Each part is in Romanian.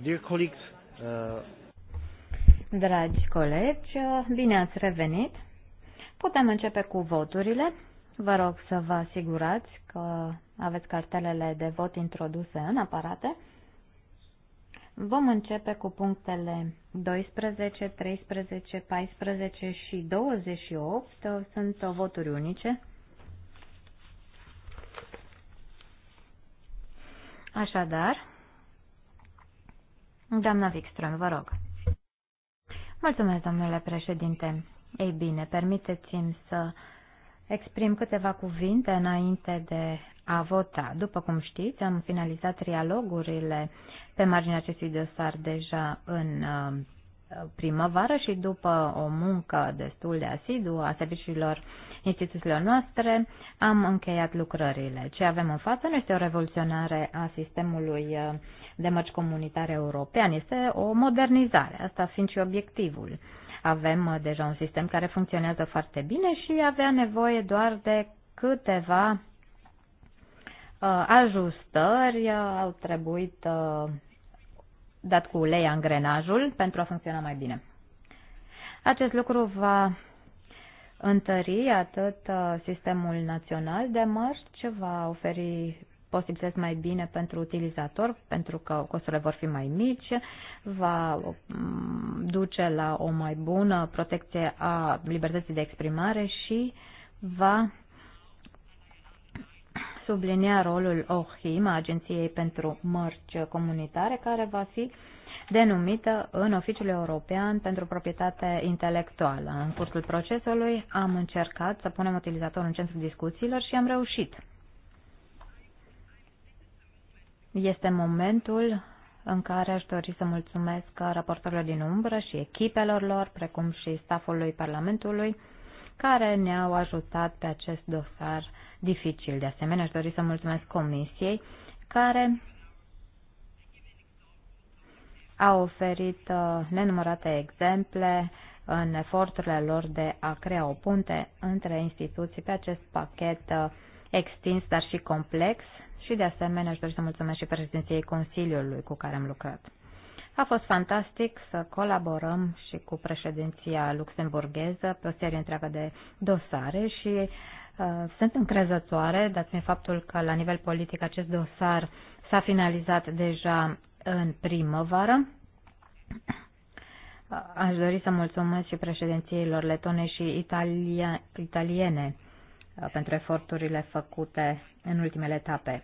Dear colleagues, uh... Dragi colegi, bine ați revenit. Putem începe cu voturile. Vă rog să vă asigurați că aveți cartelele de vot introduse în aparate. Vom începe cu punctele 12, 13, 14 și 28. Sunt voturi unice. Așadar, Doamna Wikström, vă rog. Mulțumesc, domnule președinte. Ei bine, permiteți-mi să exprim câteva cuvinte înainte de a vota. După cum știți, am finalizat trialogurile pe marginea acestui dosar deja în uh, primăvară și după o muncă destul de asiduă a serviciilor instituțiilor noastre, am încheiat lucrările. Ce avem în față nu este o revoluționare a sistemului uh, de mărci comunitare european, este o modernizare, asta fiind și obiectivul. Avem uh, deja un sistem care funcționează foarte bine și avea nevoie doar de câteva uh, ajustări, au trebuit dat cu ulei angrenajul pentru a funcționa mai bine. Acest lucru va întări atât uh, sistemul național de mărci, ce va oferi posibilități mai bine pentru utilizator, pentru că costurile vor fi mai mici, va mm, duce la o mai bună protecție a libertății de exprimare și va sublinia rolul OHIM, Agenției pentru Mărci Comunitare, care va fi denumită în Oficiul European pentru Proprietate Intelectuală. În cursul procesului am încercat să punem utilizatorul în centrul discuțiilor și am reușit. Este momentul în care aș dori să mulțumesc raportorilor din umbră și echipelor lor, precum și stafului Parlamentului, care ne-au ajutat pe acest dosar dificil. De asemenea, aș dori să mulțumesc Comisiei care a oferit uh, nenumărate exemple în eforturile lor de a crea o punte între instituții pe acest pachet uh, extins, dar și complex și de asemenea aș dori să mulțumesc și președinției Consiliului cu care am lucrat. A fost fantastic să colaborăm și cu președinția luxemburgheză pe o serie întreagă de dosare și Uh, sunt încrezătoare, dat fiind faptul că la nivel politic acest dosar s-a finalizat deja în primăvară. Uh, aș dori să mulțumesc și președințiilor letone și italia, italiene uh, pentru eforturile făcute în ultimele etape.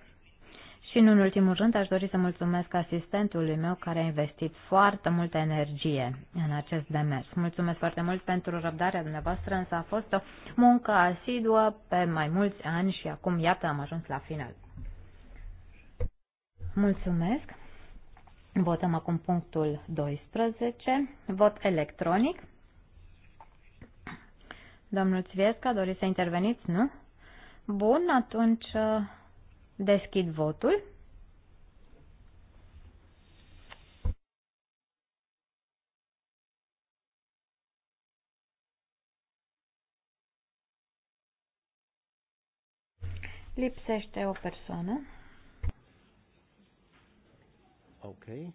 Și, în ultimul rând, aș dori să mulțumesc asistentului meu care a investit foarte multă energie în acest demers. Mulțumesc foarte mult pentru răbdarea dumneavoastră, însă a fost o muncă asiduă pe mai mulți ani și acum, iată, am ajuns la final. Mulțumesc. Votăm acum punctul 12, vot electronic. Domnul Țviesca, doriți să interveniți? Nu? Bun, atunci Deschid votul. Lipsește o persoană. Ok. Uh,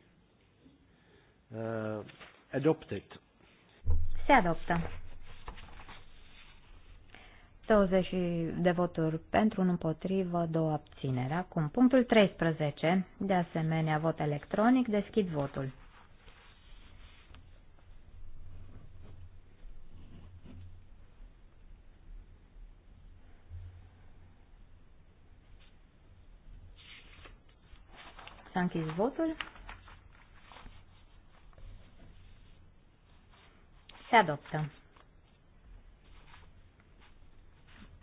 adopted. Se adoptă. 20 de voturi pentru, un împotrivă, două abțineri. Acum, punctul 13, de asemenea, vot electronic, deschid votul. S-a închis votul. Se adoptă.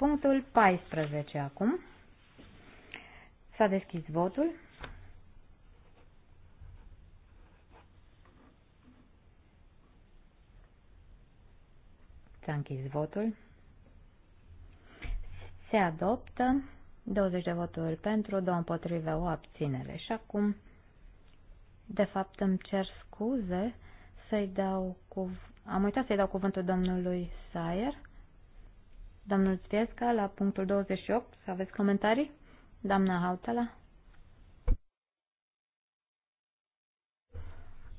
Punctul 14 acum. S-a deschis votul. S-a închis votul. Se adoptă 20 de voturi pentru, 2 împotrive, o abținere. Și acum, de fapt, îmi cer scuze să-i dau cuv- am uitat să-i dau cuvântul domnului Sayer. Domnul Zviesca, la punctul 28, să aveți comentarii? Doamna Hautala?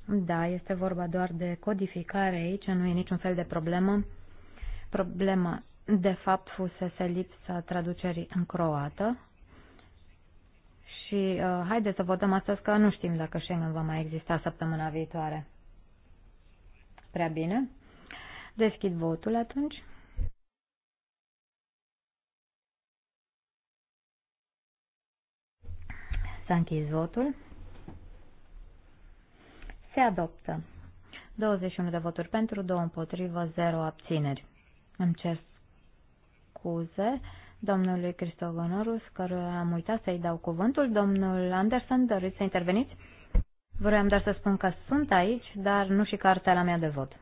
Da, este vorba doar de codificare aici, nu e niciun fel de problemă. Problema, de fapt, fusese lipsa traducerii în croată. Și uh, haideți să votăm astăzi că nu știm dacă Schengen va mai exista săptămâna viitoare. Prea bine. Deschid votul atunci. S-a închis votul. Se adoptă. 21 de voturi pentru, 2 împotrivă, 0 abțineri. Îmi cer scuze domnului Onorus, căruia am uitat să-i dau cuvântul. Domnul Anderson, doriți să interveniți? Vreau doar să spun că sunt aici, dar nu și cartela mea de vot.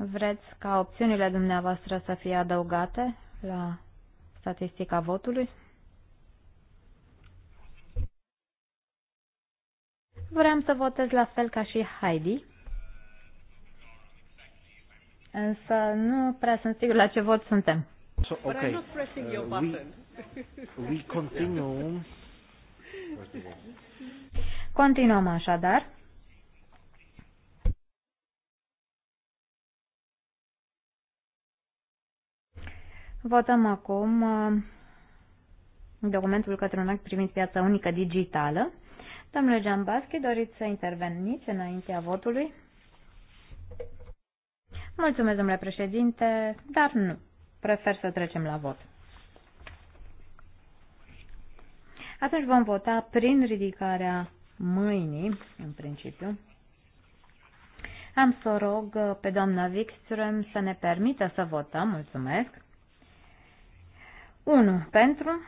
Vreți ca opțiunile dumneavoastră să fie adăugate la statistica votului? Vreau să votez la fel ca și Heidi. Însă nu prea sunt sigur la ce vot suntem. So, okay. But I'm not uh, we, we continue. Continuăm așadar. Votăm acum uh, documentul către un act privind piața unică digitală. Domnule Baschi, doriți să interveniți înaintea votului? Mulțumesc, domnule președinte, dar nu. Prefer să trecem la vot. Atunci vom vota prin ridicarea mâinii, în principiu. Am să rog pe doamna Wikström să ne permită să votăm, mulțumesc. 1 pentru,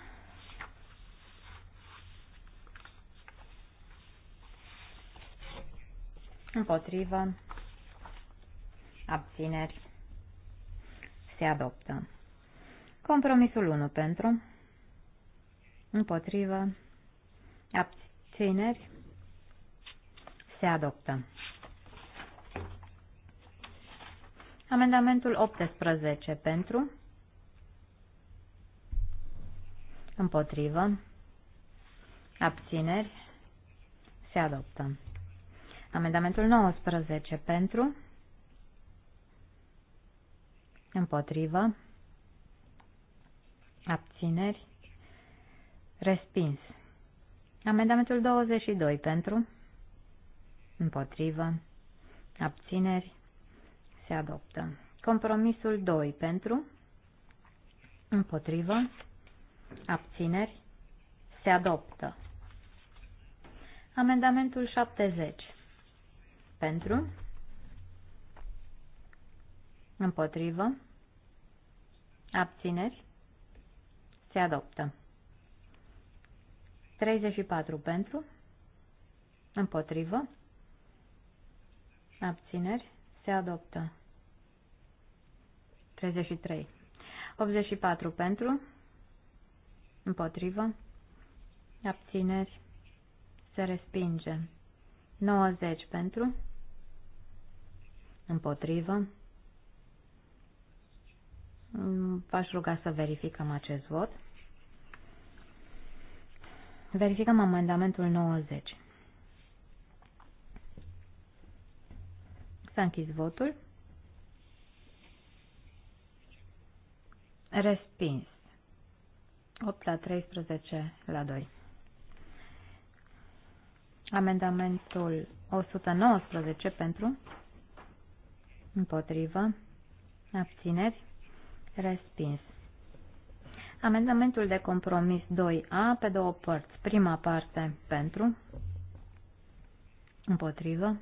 împotrivă, abțineri, se adoptă. Compromisul 1 pentru, împotrivă, abțineri, se adoptă. Amendamentul 18 pentru, Împotrivă. Abțineri. Se adoptă. Amendamentul 19 pentru. Împotrivă. Abțineri. Respins. Amendamentul 22 pentru. Împotrivă. Abțineri. Se adoptă. Compromisul 2 pentru. Împotrivă abțineri, se adoptă. Amendamentul 70. Pentru, împotrivă, abțineri, se adoptă. 34 pentru, împotrivă, abțineri, se adoptă. 33. 84 pentru, Împotrivă. Abțineri. Se respinge. 90 pentru. Împotrivă. V-aș ruga să verificăm acest vot. Verificăm amendamentul 90. S-a închis votul. Respins. 8 la 13 la 2. Amendamentul 119 pentru, împotrivă, abțineri, respins. Amendamentul de compromis 2A pe două părți. Prima parte pentru, împotrivă,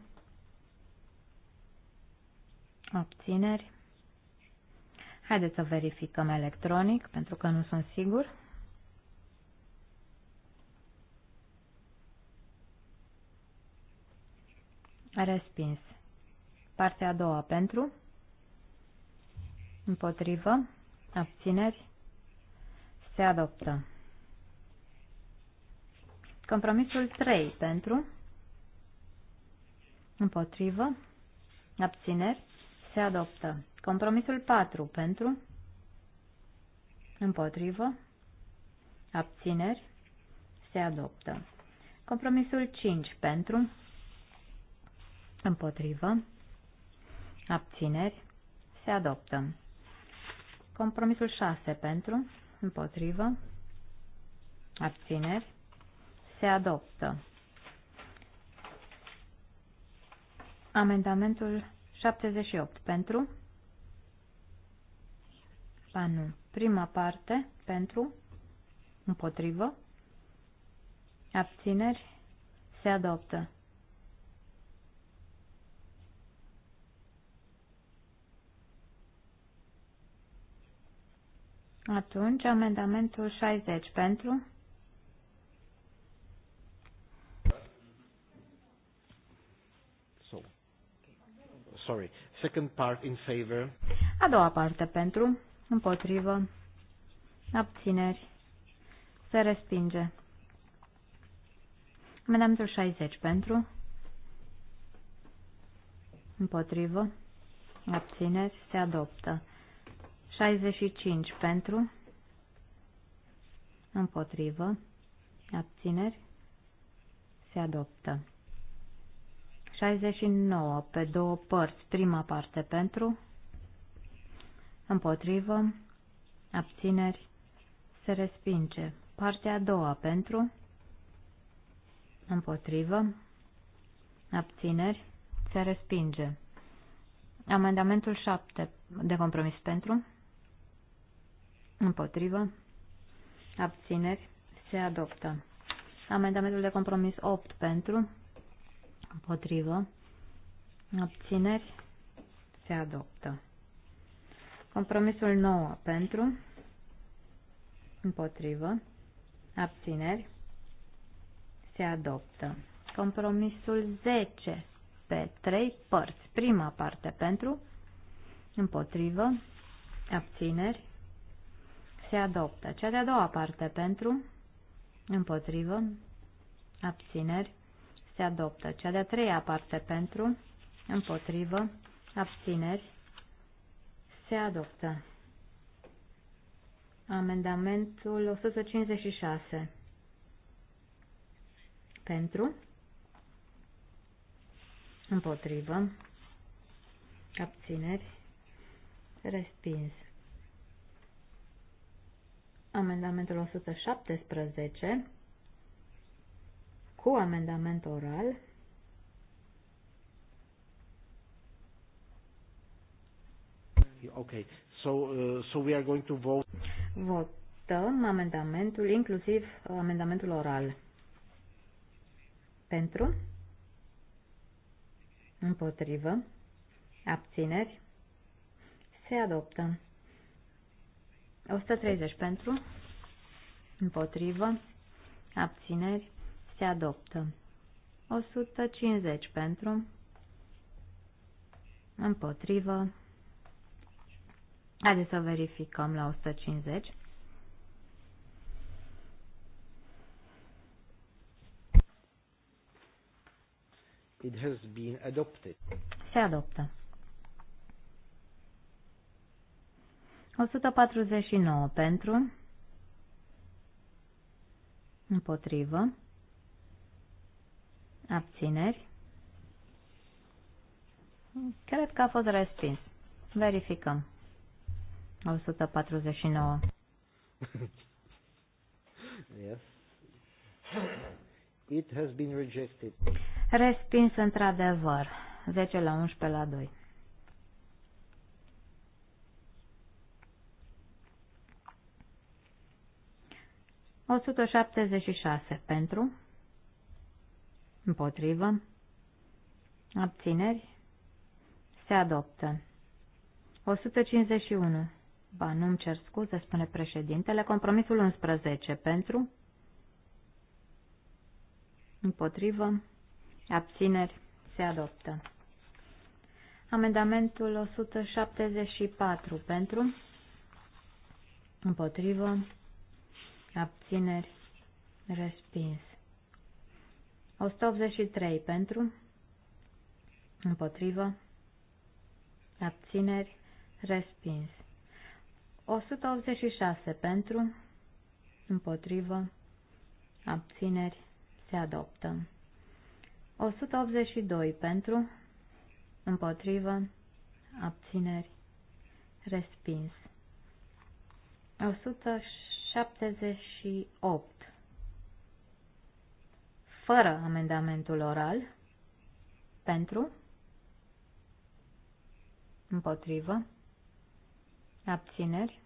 abțineri. Haideți să verificăm electronic pentru că nu sunt sigur. Respins. Partea a doua pentru. Împotrivă. Abțineri. Se adoptă. Compromisul 3 pentru. Împotrivă. Abțineri. Se adoptă. Compromisul 4 pentru. Împotrivă. Abțineri. Se adoptă. Compromisul 5 pentru. Împotrivă. Abțineri. Se adoptă. Compromisul 6 pentru. Împotrivă. Abțineri. Se adoptă. Amendamentul 78 pentru. Ba nu. Prima parte pentru. Împotrivă. Abțineri. Se adoptă. Atunci, amendamentul 60 pentru. So. Sorry. Second part in favor. A doua parte pentru, împotrivă, abțineri, se respinge. Amendamentul 60 pentru, împotrivă, abțineri, se adoptă. 65 pentru, împotrivă, abțineri, se adoptă. 69 pe două părți, prima parte pentru, împotrivă, abțineri, se respinge. Partea a doua pentru, împotrivă, abțineri, se respinge. Amendamentul 7 de compromis pentru, Împotrivă. Abțineri. Se adoptă. Amendamentul de compromis 8 pentru. Împotrivă. Abțineri. Se adoptă. Compromisul 9 pentru. Împotrivă. Abțineri. Se adoptă. Compromisul 10 pe 3 părți. Prima parte pentru. Împotrivă. Abțineri se adoptă. Cea de-a doua parte pentru, împotrivă, abțineri, se adoptă. Cea de-a treia parte pentru, împotrivă, abțineri, se adoptă. Amendamentul 156 pentru, împotrivă, abțineri, respins amendamentul 117 cu amendament oral Okay. So, uh, so we are going to vote. Votăm amendamentul, inclusiv amendamentul oral. Pentru? Împotrivă? Abțineri? Se adoptă. 130 pentru, împotrivă, abțineri, se adoptă. 150 pentru, împotrivă. Haideți să verificăm la 150. It has been adopted. Se adoptă. 149 pentru, împotrivă, abțineri. Cred că a fost respins. Verificăm. 149. yes. It has been rejected. Respins într-adevăr. 10 la 11 la 2. 176 pentru, împotrivă, abțineri, se adoptă. 151. Ba, nu-mi cer scuze, spune președintele, compromisul 11 pentru, împotrivă, abțineri, se adoptă. Amendamentul 174 pentru, împotrivă, abțineri, respins. 183 pentru, împotrivă, abțineri, respins. 186 pentru, împotrivă, abțineri, se adoptă. 182 pentru, împotrivă, abțineri, respins. 106 78 fără amendamentul oral pentru împotrivă abțineri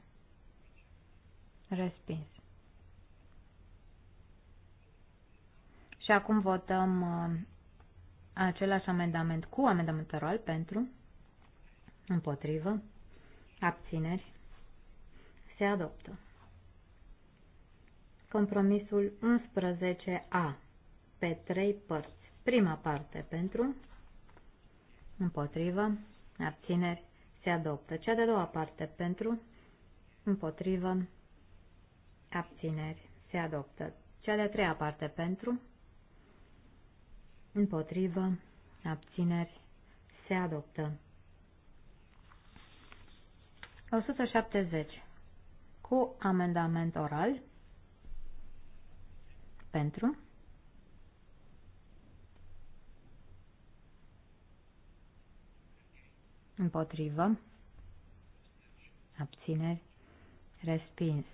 respins. Și acum votăm uh, același amendament cu amendament oral pentru împotrivă abțineri se adoptă compromisul 11A pe trei părți. Prima parte pentru, împotrivă, abțineri, se adoptă. Cea de-a doua parte pentru, împotrivă, abțineri, se adoptă. Cea de-a treia parte pentru, împotrivă, abțineri, se adoptă. 170. Cu amendament oral pentru, împotrivă, abțineri, respins.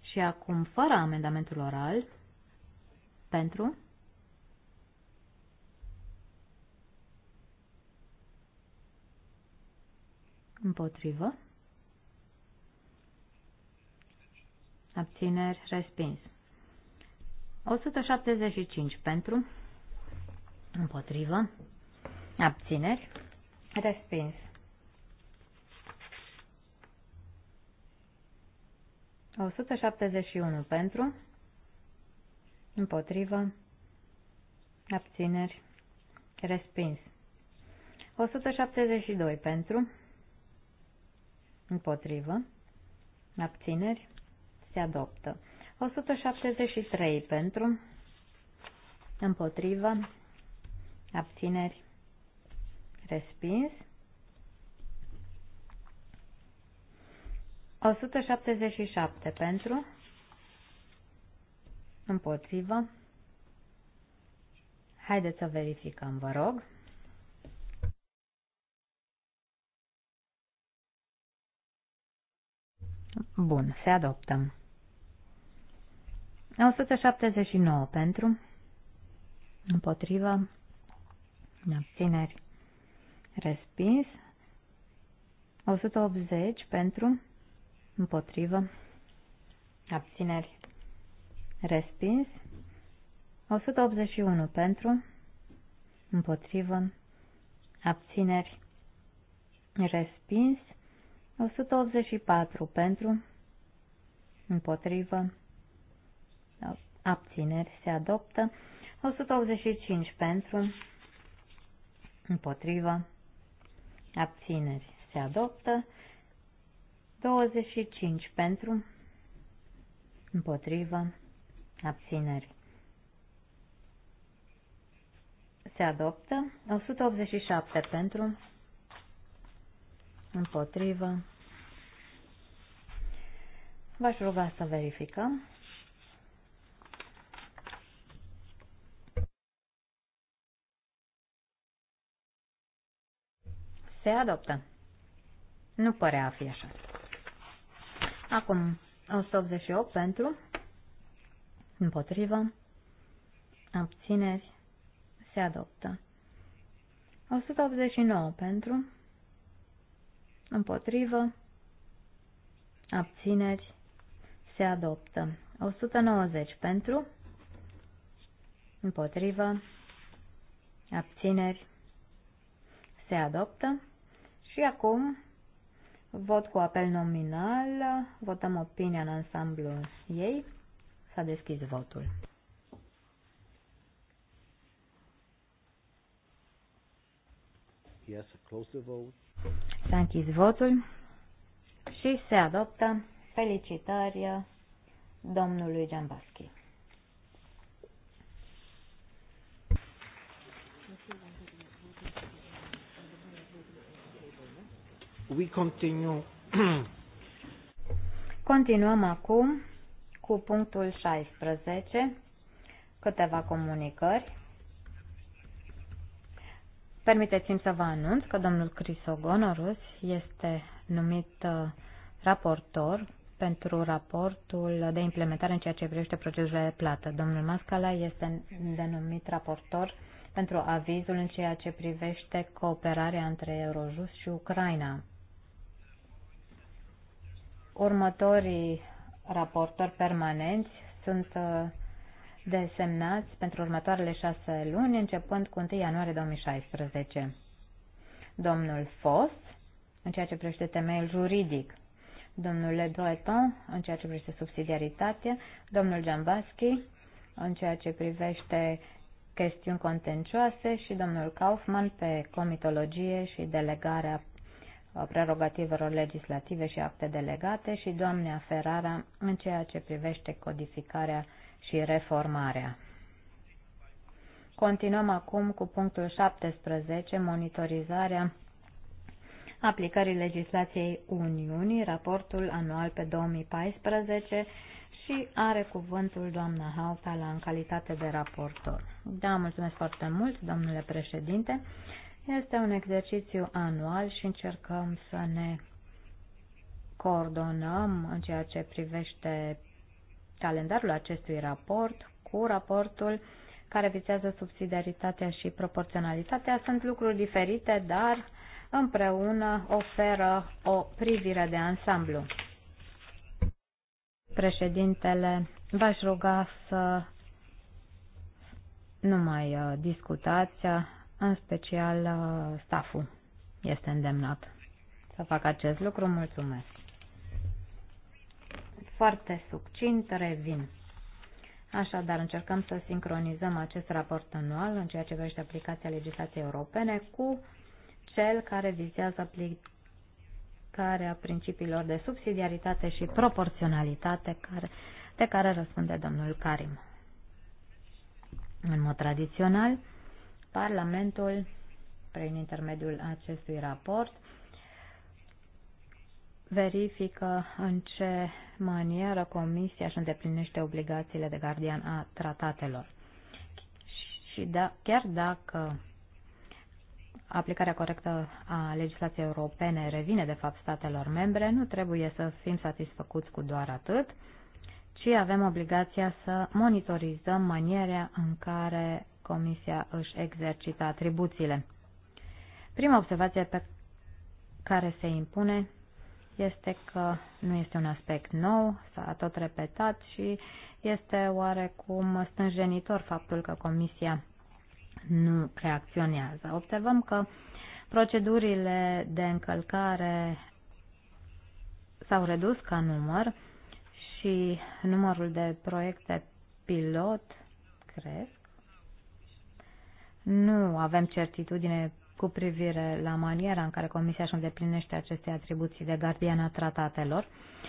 Și acum, fără amendamentul oral, pentru, împotrivă, abțineri, respins. 175 pentru, împotrivă, abțineri, respins. 171 pentru, împotrivă, abțineri, respins. 172 pentru, împotrivă, abțineri, se adoptă. 173 pentru, împotrivă, abțineri, respins. 177 pentru, împotrivă. Haideți să verificăm, vă rog. Bun, se adoptă. 179 pentru, împotrivă, abțineri, respins. 180 pentru, împotrivă, abțineri, respins. 181 pentru, împotrivă, abțineri, respins. 184 pentru, împotrivă, abțineri se adoptă. 185 pentru, împotrivă, abțineri se adoptă. 25 pentru, împotrivă, abțineri. Se adoptă 187 pentru, împotrivă. V-aș ruga să verificăm. Se adoptă. Nu părea a fi așa. Acum 188 pentru, împotrivă, abțineri, se adoptă. 189 pentru, împotrivă, abțineri, se adoptă. 190 pentru, împotrivă, abțineri, se adoptă. Și acum vot cu apel nominal, votăm opinia în ansamblu ei, s-a deschis votul. Yes, close the vote. S-a închis votul și se adoptă. Felicitări uh, domnului Jambaschi. We continue. Continuăm acum cu punctul 16, câteva comunicări. Permiteți-mi să vă anunț că domnul Crisogonorus este numit uh, raportor pentru raportul de implementare în ceea ce privește procedurile de plată. Domnul Mascala este denumit raportor pentru avizul în ceea ce privește cooperarea între Eurojust și Ucraina. Următorii raportori permanenți sunt uh, desemnați pentru următoarele șase luni, începând cu 1 ianuarie 2016. Domnul Fos, în ceea ce privește temeiul juridic, domnul Le în ceea ce privește subsidiaritatea, domnul Jambaschi, în ceea ce privește chestiuni contencioase și domnul Kaufman pe comitologie și delegarea uh, prerogativelor legislative și acte delegate și doamnea Ferrara în ceea ce privește codificarea și reformarea. Continuăm acum cu punctul 17, monitorizarea aplicării legislației Uniunii, raportul anual pe 2014 și are cuvântul doamna Hautala în calitate de raportor. Da, mulțumesc foarte mult, domnule președinte. Este un exercițiu anual și încercăm să ne coordonăm în ceea ce privește calendarul acestui raport cu raportul care vizează subsidiaritatea și proporționalitatea. Sunt lucruri diferite, dar împreună oferă o privire de ansamblu. Președintele, v-aș ruga să nu mai uh, discutați, uh, în special uh, staful este îndemnat să facă acest lucru. Mulțumesc! foarte succint revin. Așadar, încercăm să sincronizăm acest raport anual în ceea ce privește aplicația legislației europene cu cel care vizează aplicarea principiilor de subsidiaritate și proporționalitate care, de care răspunde domnul Karim. În mod tradițional, Parlamentul, prin intermediul acestui raport, verifică în ce manieră Comisia își îndeplinește obligațiile de gardian a tratatelor. Și da, chiar dacă aplicarea corectă a legislației europene revine de fapt statelor membre, nu trebuie să fim satisfăcuți cu doar atât, ci avem obligația să monitorizăm maniera în care Comisia își exercită atribuțiile. Prima observație pe care se impune este că nu este un aspect nou, s-a tot repetat și este oarecum stânjenitor faptul că Comisia nu reacționează. Observăm că procedurile de încălcare s-au redus ca număr și numărul de proiecte pilot cresc. Nu avem certitudine cu privire la maniera în care Comisia își îndeplinește aceste atribuții de gardian a tratatelor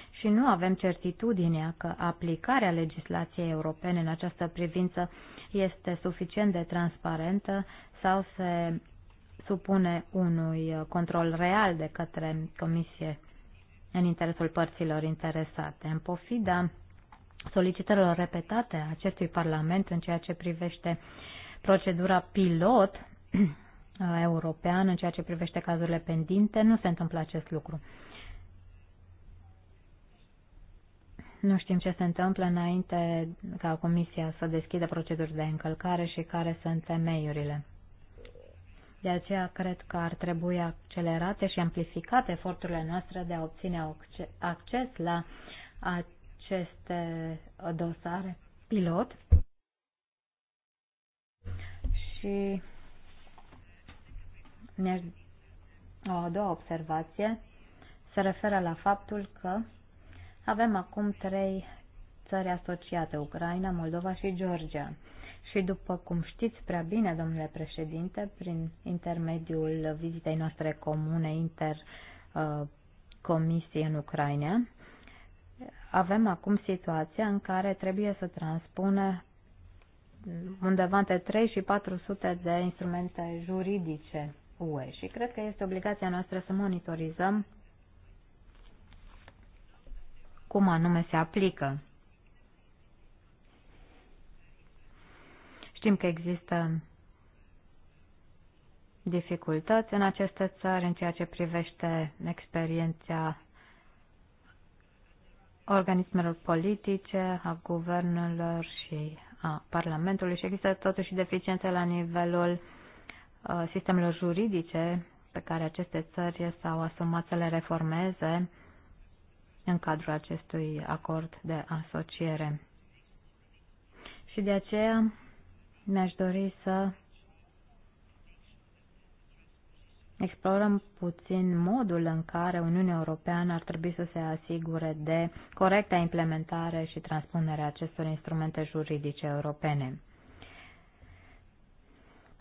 și nu avem certitudinea că aplicarea legislației europene în această privință este suficient de transparentă sau se supune unui control real de către Comisie în interesul părților interesate. În pofida solicitărilor repetate a acestui Parlament în ceea ce privește procedura pilot european în ceea ce privește cazurile pendinte, nu se întâmplă acest lucru. Nu știm ce se întâmplă înainte ca Comisia să deschidă proceduri de încălcare și care sunt temeiurile. De aceea cred că ar trebui accelerate și amplificate eforturile noastre de a obține acces la aceste dosare pilot. Și o a doua observație se referă la faptul că avem acum trei țări asociate, Ucraina, Moldova și Georgia. Și după cum știți prea bine, domnule președinte, prin intermediul vizitei noastre comune intercomisii uh, în Ucraina, avem acum situația în care trebuie să transpune undeva între 3 și 400 de instrumente juridice UE și cred că este obligația noastră să monitorizăm cum anume se aplică. Știm că există dificultăți în aceste țări în ceea ce privește experiența organismelor politice, a guvernelor și a Parlamentului și există totuși deficiențe la nivelul Uh, sistemelor juridice pe care aceste țări s-au asumat să le reformeze în cadrul acestui acord de asociere. Și de aceea mi-aș dori să explorăm puțin modul în care Uniunea Europeană ar trebui să se asigure de corecta implementare și transpunerea acestor instrumente juridice europene.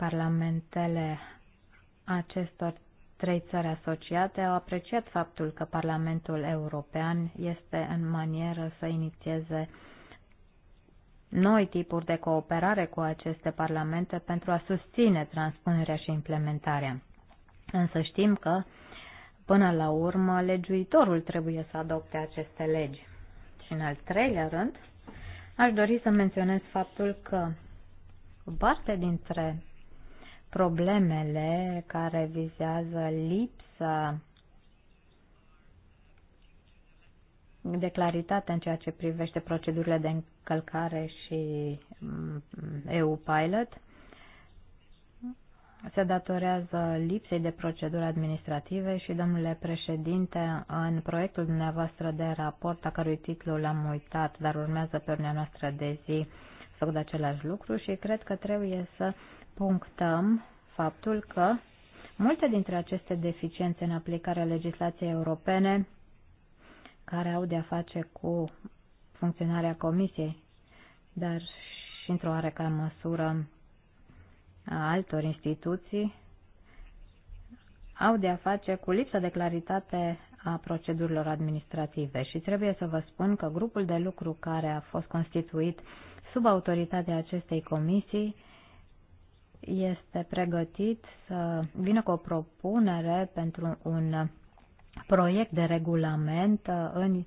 Parlamentele acestor trei țări asociate au apreciat faptul că Parlamentul European este în manieră să inițieze noi tipuri de cooperare cu aceste parlamente pentru a susține transpunerea și implementarea. Însă știm că, până la urmă, legiuitorul trebuie să adopte aceste legi. Și în al treilea rând, aș dori să menționez faptul că o parte dintre problemele care vizează lipsa de claritate în ceea ce privește procedurile de încălcare și mm, EU-Pilot se datorează lipsei de proceduri administrative și, domnule președinte, în proiectul dumneavoastră de raport, a cărui titlu l-am uitat, dar urmează pe urmea noastră de zi, făcut același lucru și cred că trebuie să punctăm faptul că multe dintre aceste deficiențe în aplicarea legislației europene care au de-a face cu funcționarea Comisiei, dar și într-o oarecare măsură a altor instituții, au de-a face cu lipsa de claritate a procedurilor administrative și trebuie să vă spun că grupul de lucru care a fost constituit sub autoritatea acestei comisii este pregătit să vină cu o propunere pentru un proiect de regulament uh, în,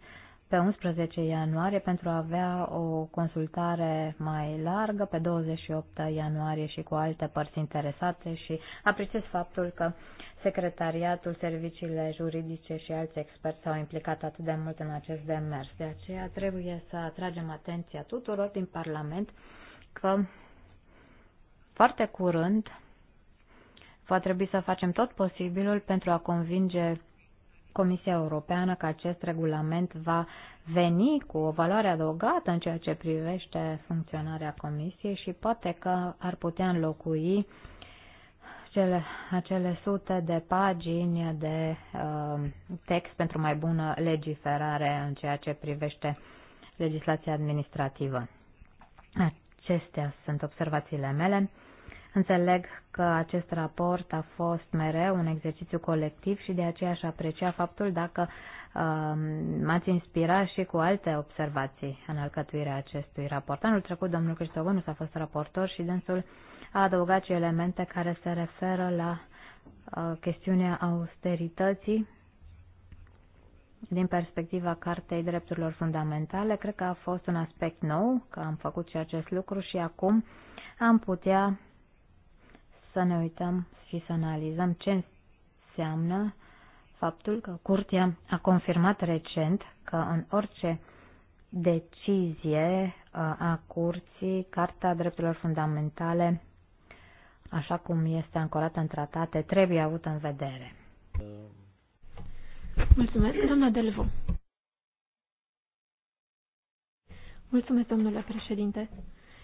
pe 11 ianuarie pentru a avea o consultare mai largă pe 28 ianuarie și cu alte părți interesate și apreciez faptul că secretariatul, serviciile juridice și alți experți s-au implicat atât de mult în acest demers. De aceea trebuie să atragem atenția tuturor din Parlament că foarte curând va trebui să facem tot posibilul pentru a convinge Comisia Europeană că acest regulament va veni cu o valoare adăugată în ceea ce privește funcționarea Comisiei și poate că ar putea înlocui cele, acele sute de pagini de uh, text pentru mai bună legiferare în ceea ce privește legislația administrativă. Acestea sunt observațiile mele. Înțeleg că acest raport a fost mereu un exercițiu colectiv și de aceea aș aprecia faptul dacă um, m-ați inspirat și cu alte observații în alcătuirea acestui raport. Anul trecut, domnul Cristogonu s-a fost raportor și dânsul a adăugat și elemente care se referă la uh, chestiunea austerității din perspectiva Cartei Drepturilor Fundamentale. Cred că a fost un aspect nou, că am făcut și acest lucru și acum am putea să ne uităm și să analizăm ce înseamnă faptul că Curtea a confirmat recent că în orice decizie uh, a Curții, Carta Drepturilor Fundamentale, așa cum este ancorată în tratate, trebuie avută în vedere. Mulțumesc, doamna Delvo. Mulțumesc, domnule președinte.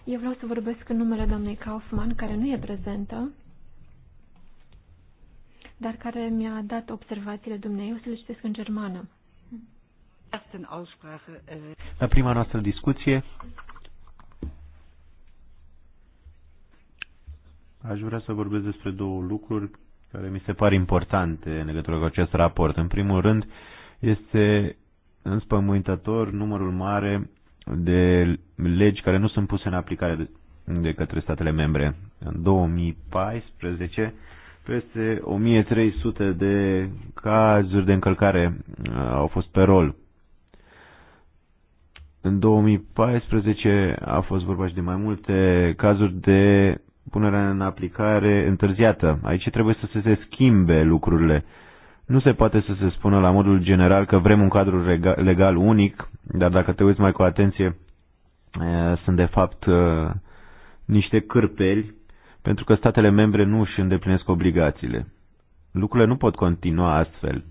Eu vreau să vorbesc în numele doamnei Kaufman, care nu e prezentă, dar care mi-a dat observațiile dumnei. Eu să le citesc în germană. Äh, La prima noastră discuție, aș vrea să vorbesc despre două lucruri care mi se par importante în legătură cu acest raport. În primul rând, este înspământător numărul mare de legi care nu sunt puse în aplicare de către statele membre. În 2014, peste 1300 de cazuri de încălcare uh, au fost pe rol. În 2014 a fost vorba și de mai multe cazuri de punerea în aplicare întârziată. Aici trebuie să se schimbe lucrurile. Uh, nu se poate să se spună la modul general că vrem un cadru legal unic, dar dacă te uiți mai cu atenție, sunt de fapt niște cârpeli pentru că statele membre nu își îndeplinesc obligațiile. Lucrurile nu pot continua astfel.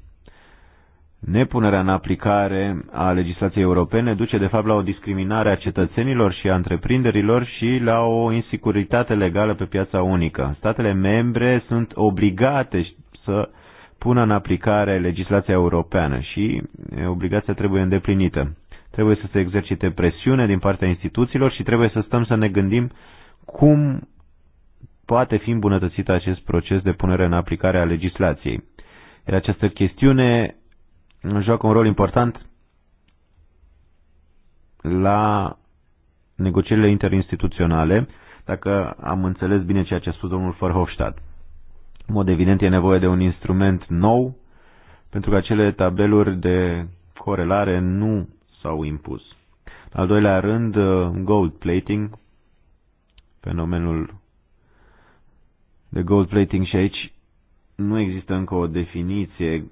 Nepunerea în aplicare a legislației europene duce de fapt la o discriminare a cetățenilor și a întreprinderilor și la o insicuritate legală pe piața unică. Statele membre sunt obligate să pună în aplicare legislația europeană și obligația trebuie îndeplinită. Trebuie să se exercite presiune din partea instituțiilor și trebuie să stăm să ne gândim cum poate fi îmbunătățit acest proces de punere în aplicare a legislației. Iar această chestiune joacă un rol important la negocierile interinstituționale, dacă am înțeles bine ceea ce a spus domnul Verhofstadt. În mod evident e nevoie de un instrument nou, pentru că acele tabeluri de corelare nu s-au impus. Al doilea rând, uh, gold plating, fenomenul de gold plating și aici nu există încă o definiție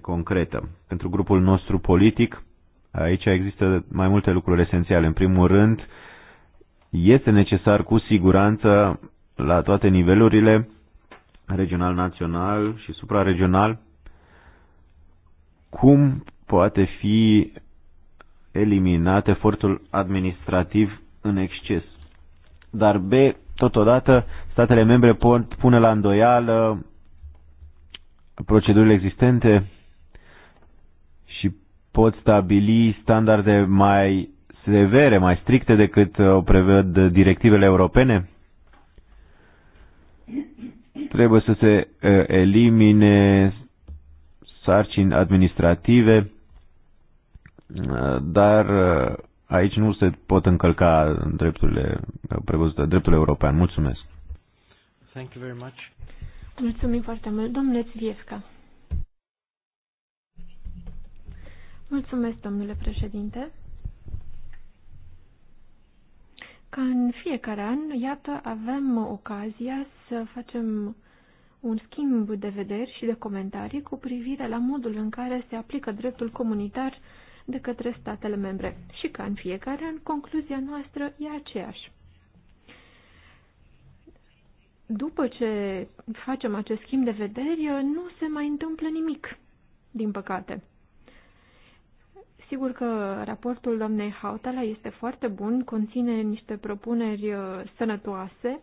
concretă. Pentru grupul nostru politic, aici există mai multe lucruri esențiale. În primul rând, este necesar cu siguranță la toate nivelurile, regional, național și supraregional, cum poate fi eliminat efortul administrativ în exces. Dar B, totodată, statele membre pot pune la îndoială procedurile existente și pot stabili standarde mai severe, mai stricte decât o prevăd directivele europene? Trebuie să se ă, elimine sarcini administrative, ă, dar ă, aici nu se pot încălca drepturile prevăzute, dreptul european. Mulțumesc. Thank you very much. Mulțumim foarte mult, domnule Țviesca. Mulțumesc, domnule președinte ca în fiecare an, iată, avem ocazia să facem un schimb de vederi și de comentarii cu privire la modul în care se aplică dreptul comunitar de către statele membre și ca în fiecare an, concluzia noastră e aceeași. După ce facem acest schimb de vederi, nu se mai întâmplă nimic, din păcate. Sigur că raportul doamnei Hautala este foarte bun, conține niște propuneri uh, sănătoase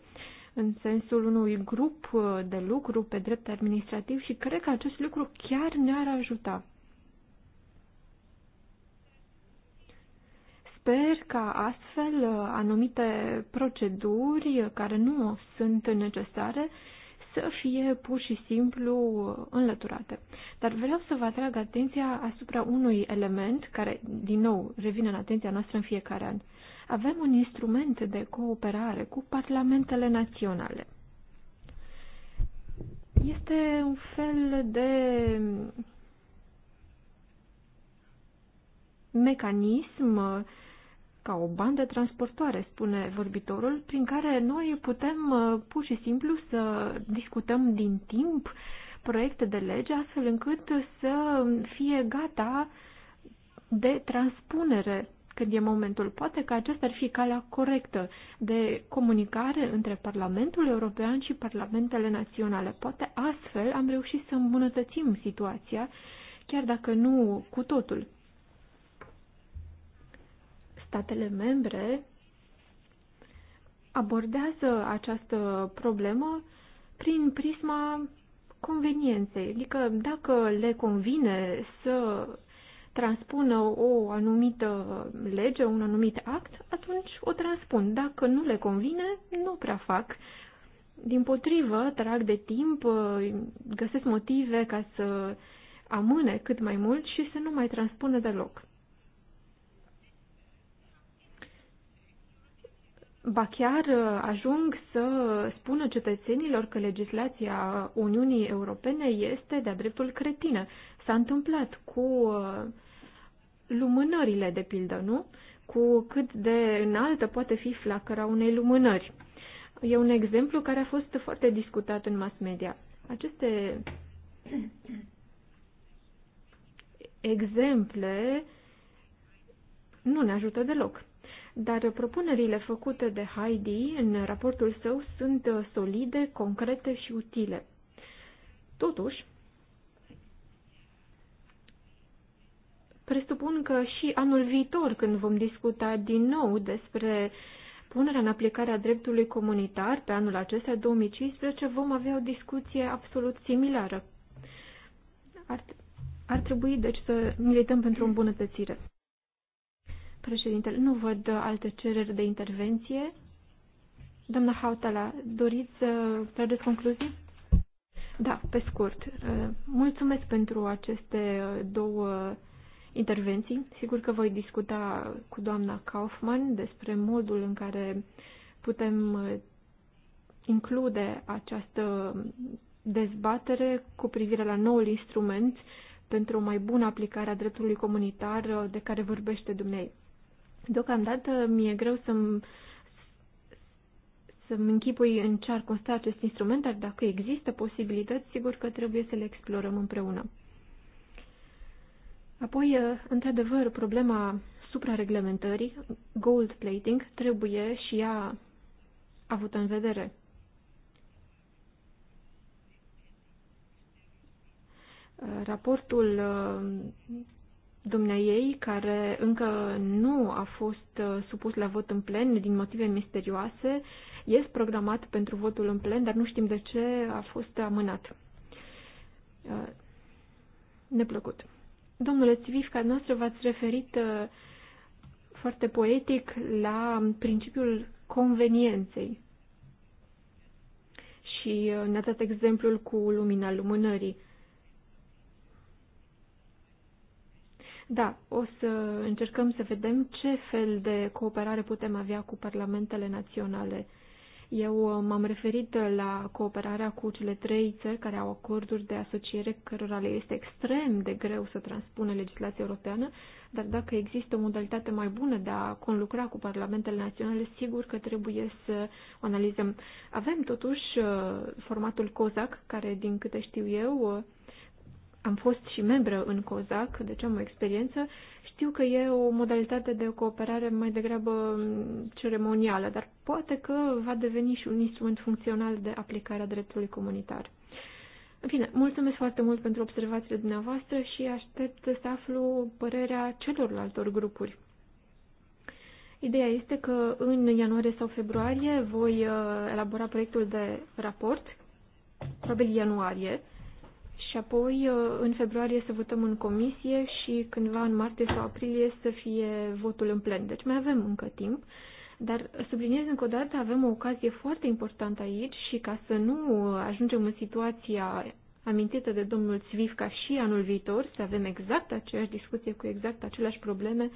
în sensul unui grup uh, de lucru pe drept administrativ și cred că acest lucru chiar ne-ar ajuta. Sper ca astfel uh, anumite proceduri care nu sunt necesare să fie pur și simplu înlăturate. Dar vreau să vă atrag atenția asupra unui element care, din nou, revine în atenția noastră în fiecare an. Avem un instrument de cooperare cu parlamentele naționale. Este un fel de mecanism ca o bandă transportoare, spune vorbitorul, prin care noi putem uh, pur și simplu să discutăm din timp proiecte de lege astfel încât să fie gata de transpunere când e momentul. Poate că aceasta ar fi calea corectă de comunicare între Parlamentul European și Parlamentele Naționale. Poate astfel am reușit să îmbunătățim situația, chiar dacă nu cu totul statele membre abordează această problemă prin prisma convenienței, adică dacă le convine să transpună o anumită lege, un anumit act, atunci o transpun. Dacă nu le convine, nu prea fac. Din potrivă, trag de timp, găsesc motive ca să amâne cât mai mult și să nu mai transpună deloc. ba chiar uh, ajung să spună cetățenilor că legislația Uniunii Europene este de-a dreptul cretină. S-a întâmplat cu uh, lumânările, de pildă, nu? Cu cât de înaltă poate fi flacăra unei lumânări. E un exemplu care a fost foarte discutat în mass media. Aceste exemple nu ne ajută deloc dar propunerile făcute de Heidi în raportul său sunt uh, solide, concrete și utile. Totuși, presupun că și anul viitor, când vom discuta din nou despre punerea în aplicare a dreptului comunitar, pe anul acesta, 2015, vom avea o discuție absolut similară. Ar, ar trebui, deci, să milităm pentru o îmbunătățire. Președintele, nu văd alte cereri de intervenție. Doamna Hautala, doriți să trageți concluzii? Da, pe scurt. Uh, mulțumesc pentru aceste uh, două intervenții. Sigur că voi discuta cu doamna Kaufman despre modul în care putem uh, include această dezbatere cu privire la noul instrument pentru o mai bună aplicare a dreptului comunitar de care vorbește dumneavoastră. Deocamdată mi-e greu să-mi să închipui în ce ar consta acest instrument, dar dacă există posibilități, sigur că trebuie să le explorăm împreună. Apoi, într-adevăr, problema suprareglementării, gold plating, trebuie și ea avută în vedere. Raportul dumneiei care încă nu a fost uh, supus la vot în plen din motive misterioase, este programat pentru votul în plen, dar nu știm de ce a fost amânat. Uh, neplăcut. Domnule Țivivca, noastră v-ați referit uh, foarte poetic la principiul convenienței și ne-ați dat exemplul cu lumina lumânării. Da, o să încercăm să vedem ce fel de cooperare putem avea cu parlamentele naționale. Eu uh, m-am referit uh, la cooperarea cu cele trei țări care au acorduri de asociere cărora le este extrem de greu să transpună legislația europeană, dar dacă există o modalitate mai bună de a conlucra cu parlamentele naționale, sigur că trebuie să o analizăm. Avem totuși uh, formatul COSAC, care din câte știu eu am fost și membră în COZAC, deci am o experiență, știu că e o modalitate de cooperare mai degrabă mm, ceremonială, dar poate că va deveni și un instrument funcțional de aplicare a dreptului comunitar. În fine, mulțumesc foarte mult pentru observațiile dumneavoastră și aștept să aflu părerea celorlaltor grupuri. Ideea este că în ianuarie sau februarie voi uh, elabora proiectul de raport, probabil ianuarie, și apoi uh, în februarie să votăm în comisie și cândva în martie sau aprilie să fie votul în plen. Deci mai avem încă timp, dar subliniez încă o dată, avem o ocazie foarte importantă aici și ca să nu ajungem în situația amintită de domnul Țvivca și anul viitor, să avem exact aceeași discuție cu exact aceleași probleme,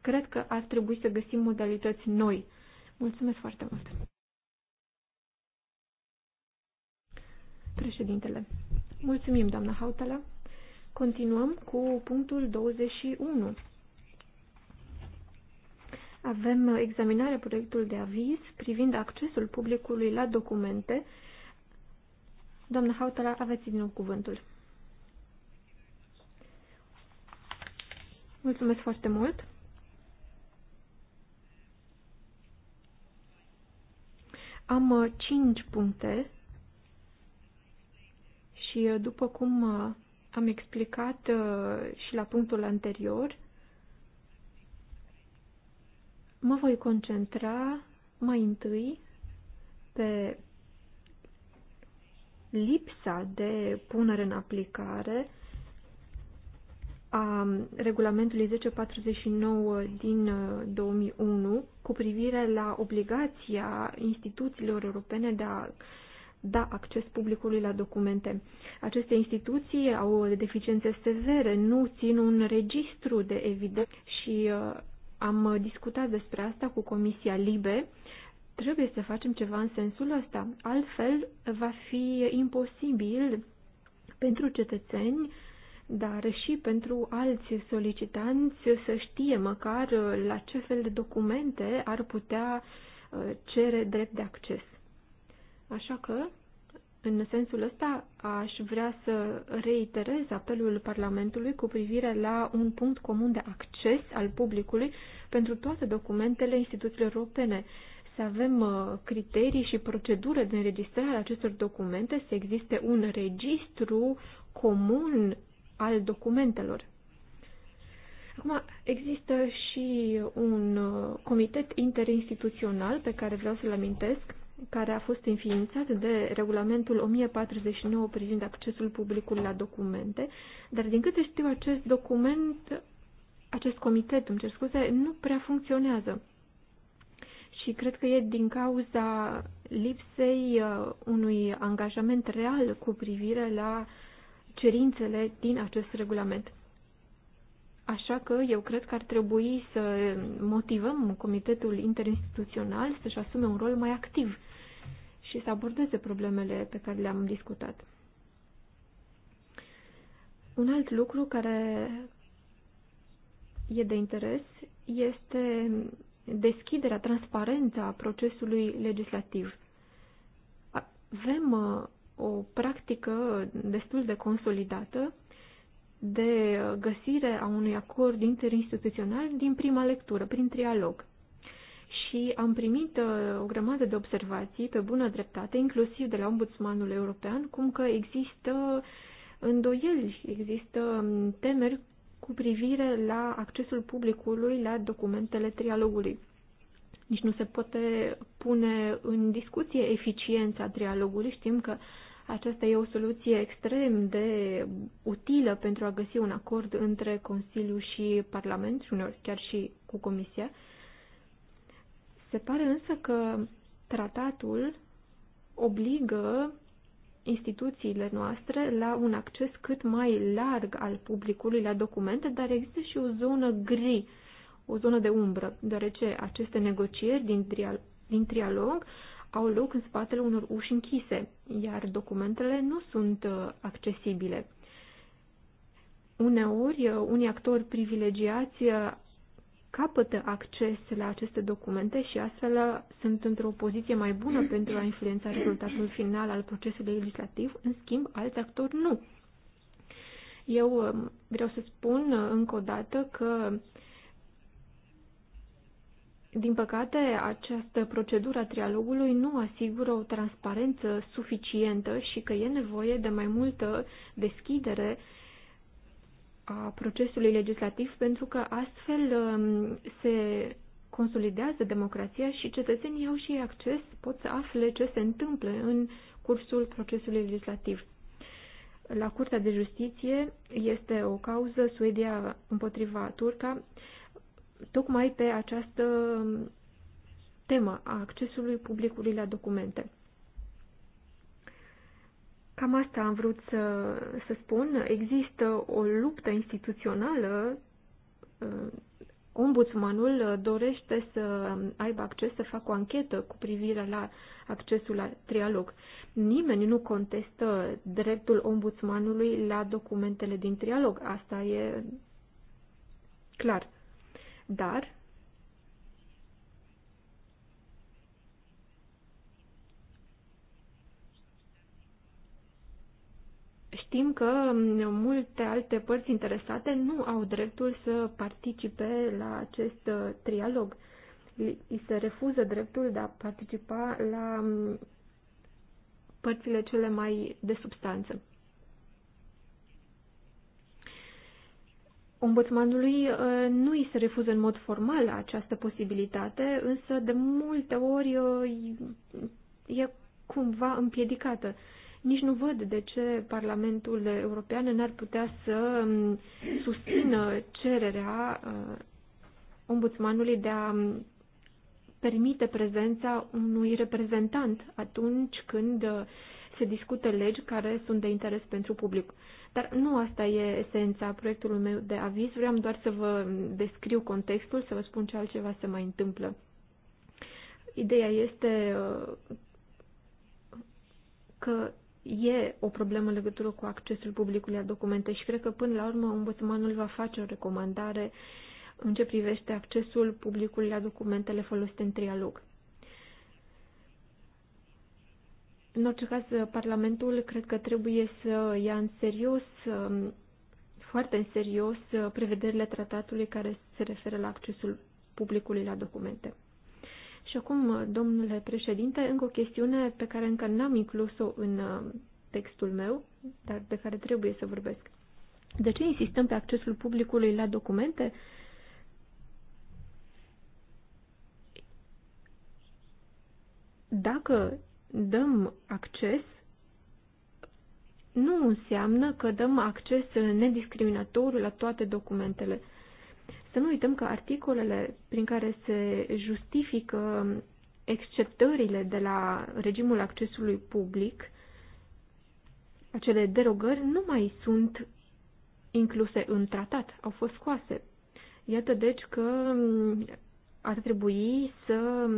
cred că ar trebui să găsim modalități noi. Mulțumesc foarte mult! Președintele Mulțumim, doamna Hautala. Continuăm cu punctul 21. Avem examinarea proiectului de aviz privind accesul publicului la documente. Doamna Hautala, aveți din nou cuvântul. Mulțumesc foarte mult. Am uh, cinci puncte și uh, după cum uh, am explicat uh, și la punctul anterior, mă voi concentra mai întâi pe lipsa de punere în aplicare a regulamentului 1049 din 2001 cu privire la obligația instituțiilor europene de a da acces publicului la documente. Aceste instituții au deficiențe severe, nu țin un registru de evidență și uh, am discutat despre asta cu Comisia Libe. Trebuie să facem ceva în sensul ăsta, altfel va fi imposibil pentru cetățeni, dar și pentru alți solicitanți să știe măcar uh, la ce fel de documente ar putea uh, cere drept de acces. Așa că, în sensul ăsta, aș vrea să reiterez apelul Parlamentului cu privire la un punct comun de acces al publicului pentru toate documentele instituțiilor europene. Să avem uh, criterii și procedură de înregistrare a acestor documente, să existe un registru comun al documentelor. Acum, există și un uh, comitet interinstituțional pe care vreau să-l amintesc, care a fost înființat de regulamentul 1049 privind accesul publicului la documente, dar din câte știu acest document, acest comitet, îmi cer scuze, nu prea funcționează. Și cred că e din cauza lipsei uh, unui angajament real cu privire la cerințele din acest regulament. Așa că eu cred că ar trebui să motivăm Comitetul Interinstituțional să-și asume un rol mai activ și să abordeze problemele pe care le-am discutat. Un alt lucru care e de interes este deschiderea, transparența procesului legislativ. Avem uh, o practică destul de consolidată de uh, găsire a unui acord interinstituțional din prima lectură, prin trialog. Și am primit uh, o grămadă de observații pe bună dreptate, inclusiv de la Ombudsmanul European, cum că există îndoieli, există um, temeri cu privire la accesul publicului la documentele trialogului. Nici nu se poate pune în discuție eficiența trialogului. Știm că uh, aceasta e o soluție extrem de utilă pentru a găsi un acord între Consiliu și Parlament și uneori chiar și cu Comisia. Se pare însă că tratatul obligă instituțiile noastre la un acces cât mai larg al publicului la documente, dar există și o zonă gri, o zonă de umbră, deoarece aceste negocieri din, din trialog au loc în spatele unor uși închise, iar documentele nu sunt uh, accesibile. Uneori, uh, unii actori privilegiați uh, capătă acces la aceste documente și astfel sunt într-o poziție mai bună pentru a influența rezultatul final al procesului legislativ, în schimb, alți actori nu. Eu um, vreau să spun încă o dată că uh, din păcate, această procedură a trialogului nu asigură o transparență suficientă și că e nevoie de mai multă deschidere a procesului legislativ pentru că astfel um, se consolidează democrația și cetățenii au și acces, pot să afle ce se întâmplă în cursul procesului legislativ. La Curtea de Justiție este o cauză Suedia împotriva Turca tocmai pe această temă a accesului publicului la documente. Cam asta am vrut să, să spun. Există o luptă instituțională. Uh, ombudsmanul dorește să aibă acces, să facă o anchetă cu privire la accesul la trialog. Nimeni nu contestă dreptul ombudsmanului la documentele din trialog. Asta e clar. Dar știm că multe alte părți interesate nu au dreptul să participe la acest uh, trialog. Îi se refuză dreptul de a participa la mm, părțile cele mai de substanță. Ombudsmanului uh, nu îi se refuză în mod formal această posibilitate, însă de multe ori uh, e cumva împiedicată. Nici nu văd de ce Parlamentul European n-ar putea să um, susțină cererea uh, ombudsmanului de a um, permite prezența unui reprezentant atunci când se discută legi care sunt de interes pentru public. Dar nu asta e esența proiectului meu de aviz. Vreau doar să vă descriu contextul, să vă spun ce altceva se mai întâmplă. Ideea este uh, că e o problemă în legătură cu accesul publicului la documente și cred că până la urmă ombudsmanul va face o recomandare în ce privește accesul publicului la documentele folosite în trialog. În orice caz, Parlamentul cred că trebuie să ia în serios, um, foarte în serios, uh, prevederile tratatului care se referă la accesul publicului la documente. Și acum, uh, domnule președinte, încă o chestiune pe care încă n-am inclus-o în uh, textul meu, dar de care trebuie să vorbesc. De ce insistăm pe accesul publicului la documente? Dacă dăm acces nu înseamnă că dăm acces nediscriminator la toate documentele. Să nu uităm că articolele prin care se justifică exceptările de la regimul accesului public, acele derogări nu mai sunt incluse în tratat, au fost scoase. Iată deci că ar trebui să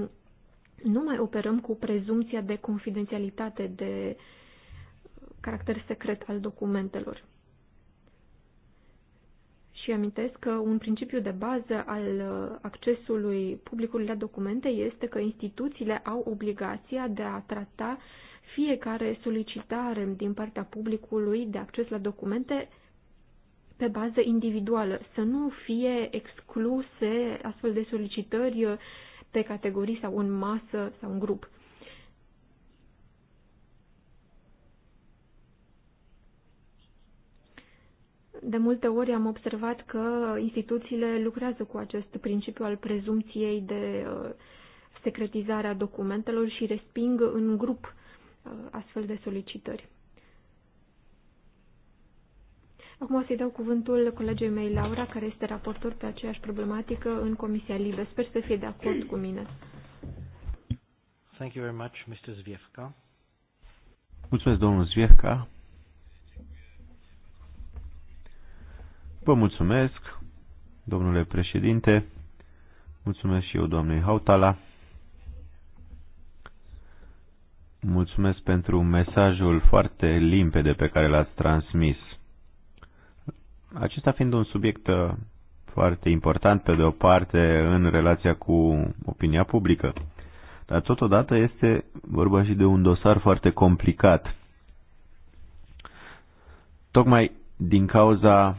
nu mai operăm cu prezumția de confidențialitate, de caracter secret al documentelor. Și amintesc că un principiu de bază al accesului publicului la documente este că instituțiile au obligația de a trata fiecare solicitare din partea publicului de acces la documente pe bază individuală, să nu fie excluse astfel de solicitări pe categorii sau în masă sau în grup. De multe ori am observat că instituțiile lucrează cu acest principiu al prezumției de uh, secretizare a documentelor și resping în grup uh, astfel de solicitări. Acum o să-i dau cuvântul colegei mei, Laura, care este raportor pe aceeași problematică în Comisia Libe. Sper să fie de acord cu mine. Thank you very much, Mr. Zviefka. Mulțumesc, domnul Zviefka. Vă mulțumesc, domnule președinte. Mulțumesc și eu, doamnei Hautala. Mulțumesc pentru mesajul foarte limpede pe care l-ați transmis acesta fiind un subiect uh, foarte important, pe de o parte, în relația cu opinia publică, dar totodată este vorba și de un dosar foarte complicat. Tocmai din cauza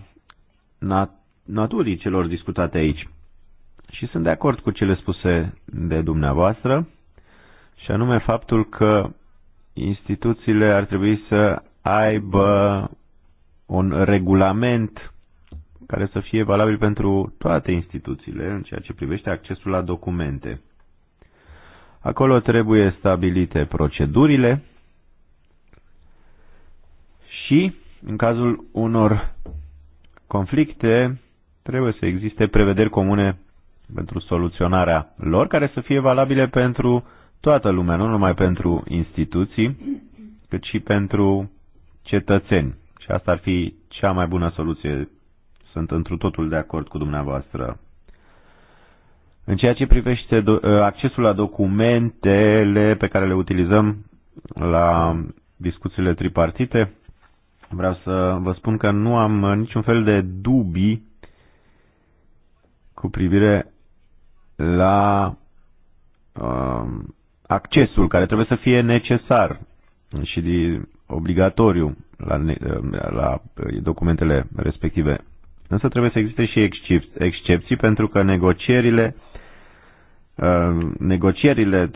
nat- naturii celor discutate aici. Și sunt de acord cu cele spuse de dumneavoastră, și anume faptul că instituțiile ar trebui să aibă un regulament care să fie valabil pentru toate instituțiile în ceea ce privește accesul la documente. Acolo trebuie stabilite procedurile și, în cazul unor conflicte, trebuie să existe prevederi comune pentru soluționarea lor, care să fie valabile pentru toată lumea, nu numai pentru instituții, cât și pentru cetățeni. Și asta ar fi cea mai bună soluție. Sunt întru totul de acord cu dumneavoastră. În ceea ce privește ă, accesul la documentele pe care le utilizăm la discuțiile tripartite, vreau să vă spun că nu am niciun fel de dubii cu privire la uh, accesul care trebuie să fie necesar și de, obligatoriu la, la eh, documentele respective. Însă trebuie să existe și excepții pentru că negocierile eh, negocierile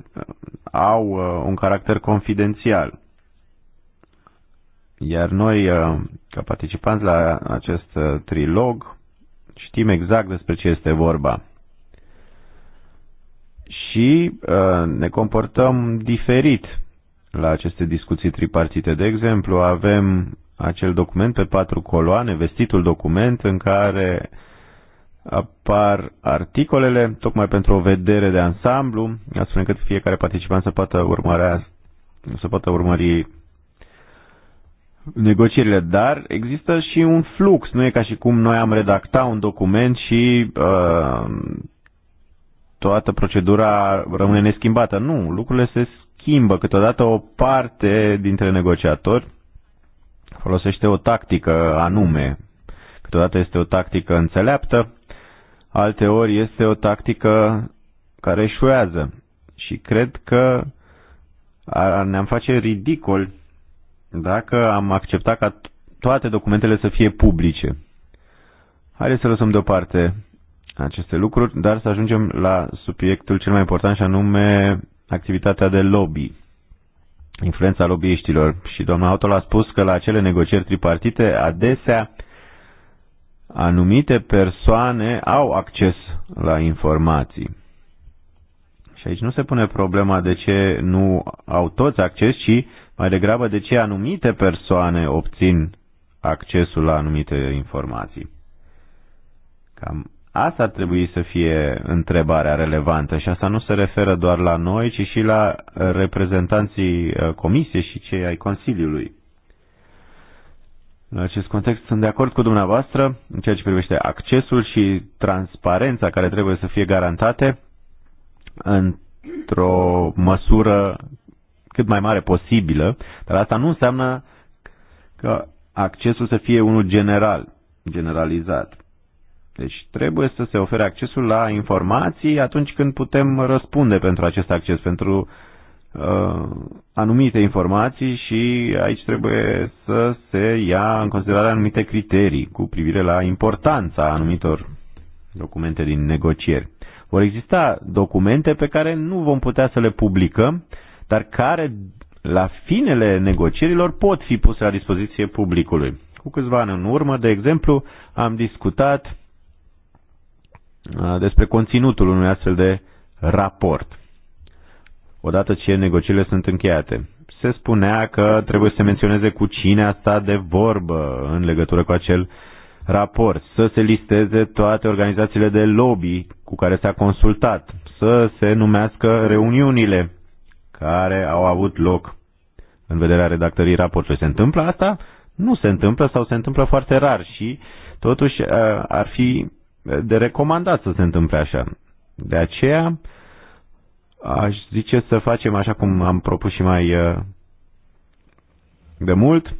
au eh, un caracter confidențial. Iar noi, ca participanți la acest trilog, știm exact despre ce este vorba. Și ne comportăm diferit la aceste discuții tripartite. De exemplu, avem acel document pe patru coloane, vestitul document în care apar articolele, tocmai pentru o vedere de ansamblu, astfel încât fiecare participant să poată, urmărea, să poată urmări negocierile, dar există și un flux, nu e ca și cum noi am redacta un document și uh, toată procedura rămâne neschimbată. Nu, lucrurile se schimbă câteodată o parte dintre negociatori, folosește o tactică anume. Câteodată este o tactică înțeleaptă, alteori este o tactică care eșuează. Și cred că ne-am face ridicol dacă am acceptat ca toate documentele să fie publice. Haideți să lăsăm deoparte aceste lucruri, dar să ajungem la subiectul cel mai important și anume activitatea de lobby, influența lobbyiștilor. Și doamna Autol a spus că la acele negocieri tripartite adesea anumite persoane au acces la informații. Și aici nu se pune problema de ce nu au toți acces, ci mai degrabă de ce anumite persoane obțin accesul la anumite informații. Cam Asta ar trebui să fie întrebarea relevantă și asta nu se referă doar la noi, ci și la uh, reprezentanții uh, Comisiei și cei ai Consiliului. În acest context sunt de acord cu dumneavoastră în ceea ce privește accesul și transparența care trebuie să fie garantate într-o măsură cât mai mare posibilă, dar asta nu înseamnă că accesul să fie unul general, generalizat. Deci trebuie să se ofere accesul la informații atunci când putem răspunde pentru acest acces, pentru uh, anumite informații și aici trebuie să se ia în considerare anumite criterii cu privire la importanța anumitor documente din negocieri. Vor exista documente pe care nu vom putea să le publicăm, dar care la finele negocierilor pot fi puse la dispoziție publicului. Cu câțiva ani în urmă, de exemplu, am discutat Uh, despre conținutul unui astfel de raport, odată ce negocierile sunt încheiate. Se spunea că trebuie să menționeze cu cine a stat de vorbă în legătură cu acel raport, să se listeze toate organizațiile de lobby cu care s-a consultat, să se numească reuniunile care au avut loc în vederea redactării raportului. Se întâmplă asta? Nu se întâmplă sau se întâmplă foarte rar și totuși uh, ar fi de recomandat să se întâmple așa. De aceea, aș zice să facem așa cum am propus și mai uh, de mult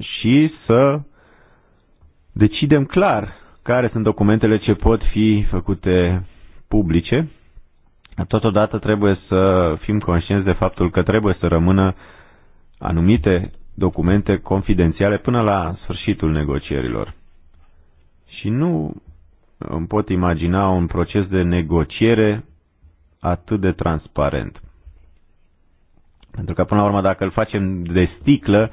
și să decidem clar care sunt documentele ce pot fi făcute publice. Totodată trebuie să fim conștienți de faptul că trebuie să rămână anumite documente confidențiale până la sfârșitul negocierilor. Și nu îmi pot imagina un proces de negociere atât de transparent. Pentru că, până la urmă, dacă îl facem de sticlă,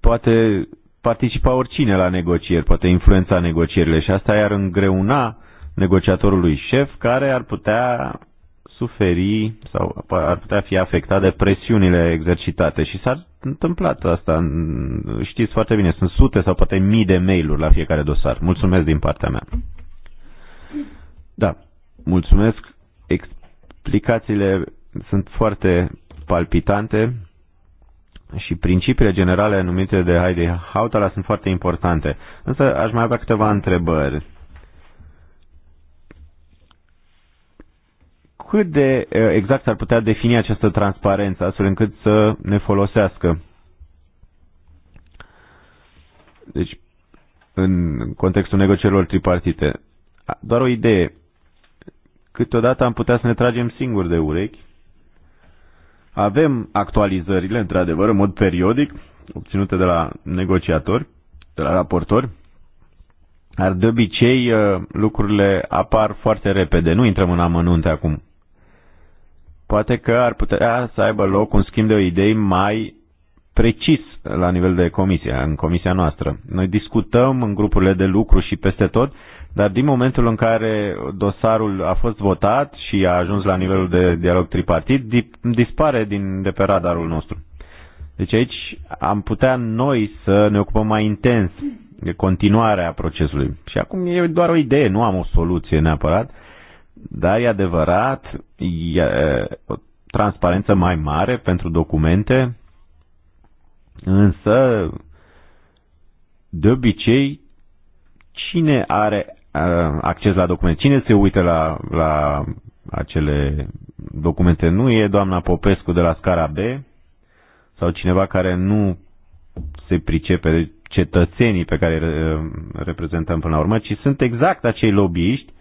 poate participa oricine la negocieri, poate influența negocierile și asta i-ar îngreuna negociatorului șef care ar putea suferi sau ar putea fi afectat de presiunile exercitate și s-ar întâmplat asta. Știți foarte bine, sunt sute sau poate mii de mail-uri la fiecare dosar. Mulțumesc din partea mea. Da, mulțumesc. Explicațiile sunt foarte palpitante și principiile generale numite de Heidi Hautala sunt foarte importante. Însă aș mai avea câteva întrebări. Cât de exact ar putea defini această transparență astfel încât să ne folosească? Deci, în contextul negocierilor tripartite. Doar o idee câteodată am putea să ne tragem singuri de urechi. Avem actualizările, într-adevăr, în mod periodic, obținute de la negociatori, de la raportori, dar de obicei uh, lucrurile apar foarte repede, nu intrăm în amănunte acum. Poate că ar putea să aibă loc un schimb de idei mai precis la nivel de comisie, în comisia noastră. Noi discutăm în grupurile de lucru și peste tot dar din momentul în care dosarul a fost votat și a ajuns la nivelul de dialog tripartit, dispare din, de pe radarul nostru. Deci aici am putea noi să ne ocupăm mai intens de continuarea procesului. Și acum e doar o idee, nu am o soluție neapărat, dar e adevărat, e o transparență mai mare pentru documente, însă de obicei cine are Uh, acces la documente. Cine se uită la, la acele documente? Nu e doamna Popescu de la scara B sau cineva care nu se pricepe cetățenii pe care uh, reprezentăm până la urmă, ci sunt exact acei lobbyiști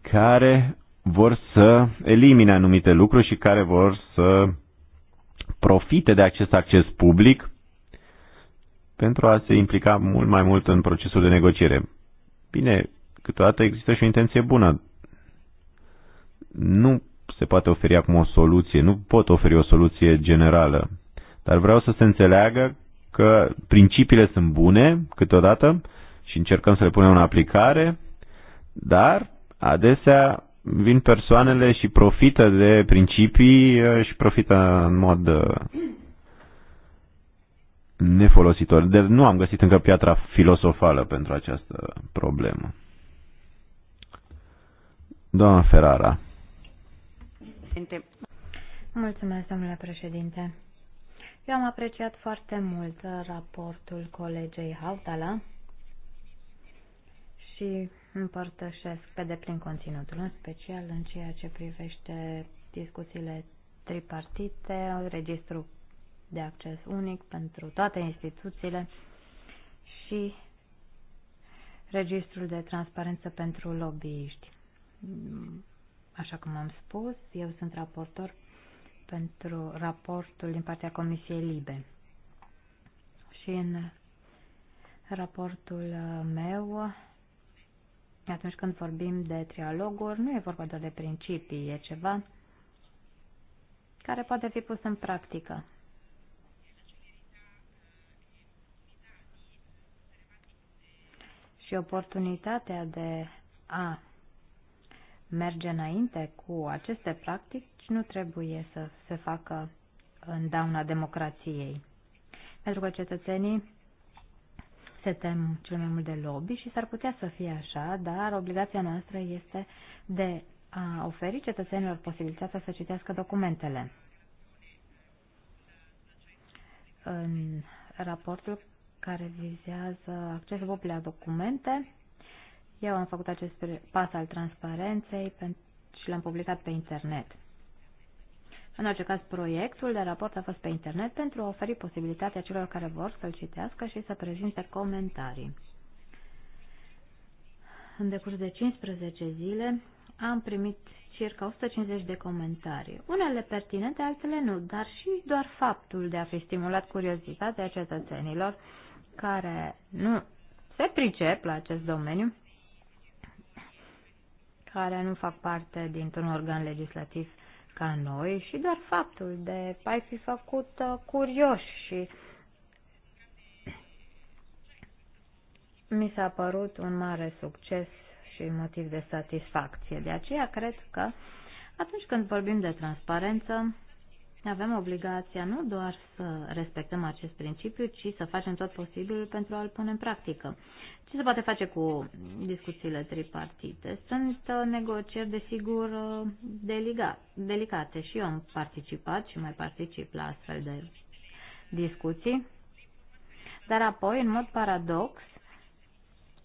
care vor să elimine anumite lucruri și care vor să profite de acest acces public pentru a se implica mult mai mult în procesul de negociere. Bine, câteodată există și o intenție bună. Nu se poate oferi acum o soluție, nu pot oferi o soluție generală, dar vreau să se înțeleagă că principiile sunt bune câteodată și încercăm să le punem în aplicare, dar adesea vin persoanele și profită de principii uh, și profită în mod uh, nefolositor. De nu am găsit încă piatra filosofală pentru această problemă. Doamna Ferrara. Mulțumesc, domnule președinte. Eu am apreciat foarte mult raportul colegei Hautala și împărtășesc pe deplin conținutul, în special în ceea ce privește discuțiile tripartite, registrul de acces unic pentru toate instituțiile și registrul de transparență pentru lobbyiști. Așa cum am spus, eu sunt raportor pentru raportul din partea Comisiei Libe. Și în raportul meu, atunci când vorbim de trialoguri, nu e vorba doar de principii, e ceva care poate fi pus în practică. și oportunitatea de a merge înainte cu aceste practici nu trebuie să se facă în dauna democrației. Pentru că cetățenii se tem cel mai mult de lobby și s-ar putea să fie așa, dar obligația noastră este de a oferi cetățenilor posibilitatea să citească documentele. În raportul care vizează accesul public la documente. Eu am făcut acest pas al transparenței și l-am publicat pe internet. În orice caz, proiectul de raport a fost pe internet pentru a oferi posibilitatea celor care vor să-l citească și să prezinte comentarii. În decurs de 15 zile am primit circa 150 de comentarii, unele pertinente, altele nu, dar și doar faptul de a fi stimulat curiozitatea cetățenilor care nu se pricep la acest domeniu, care nu fac parte dintr-un organ legislativ ca noi și doar faptul de a fi făcut uh, curioși și mi s-a părut un mare succes și motiv de satisfacție. De aceea cred că atunci când vorbim de transparență, avem obligația nu doar să respectăm acest principiu, ci să facem tot posibilul pentru a-l pune în practică. Ce se poate face cu discuțiile tripartite? Sunt uh, negocieri, desigur, uh, delicate și eu am participat și mai particip la astfel de discuții. Dar apoi, în mod paradox,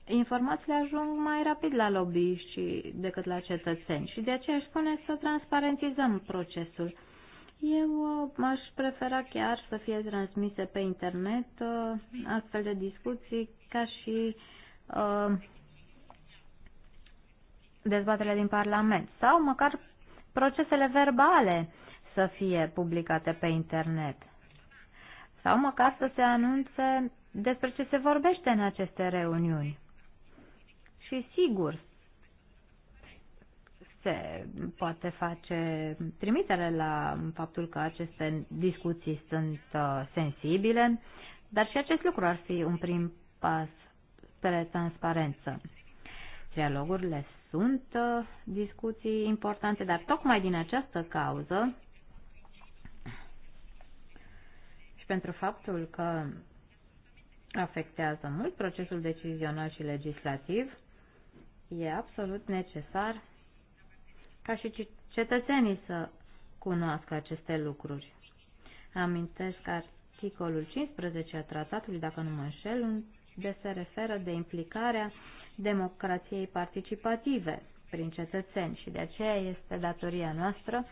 informațiile ajung mai rapid la lobby și decât la cetățeni și de aceea aș spune să transparentizăm procesul eu uh, aș prefera chiar să fie transmise pe internet uh, astfel de discuții ca și uh, dezbaterile din Parlament sau măcar procesele verbale să fie publicate pe internet sau măcar să se anunțe despre ce se vorbește în aceste reuniuni. Și sigur, se poate face trimitere la faptul că aceste discuții sunt uh, sensibile, dar și acest lucru ar fi un prim pas spre transparență. Dialogurile sunt uh, discuții importante, dar tocmai din această cauză și pentru faptul că afectează mult procesul decizional și legislativ, e absolut necesar ca și cetățenii să cunoască aceste lucruri. Amintesc articolul 15 a tratatului, dacă nu mă înșel, unde se referă de implicarea democrației participative prin cetățeni și de aceea este datoria noastră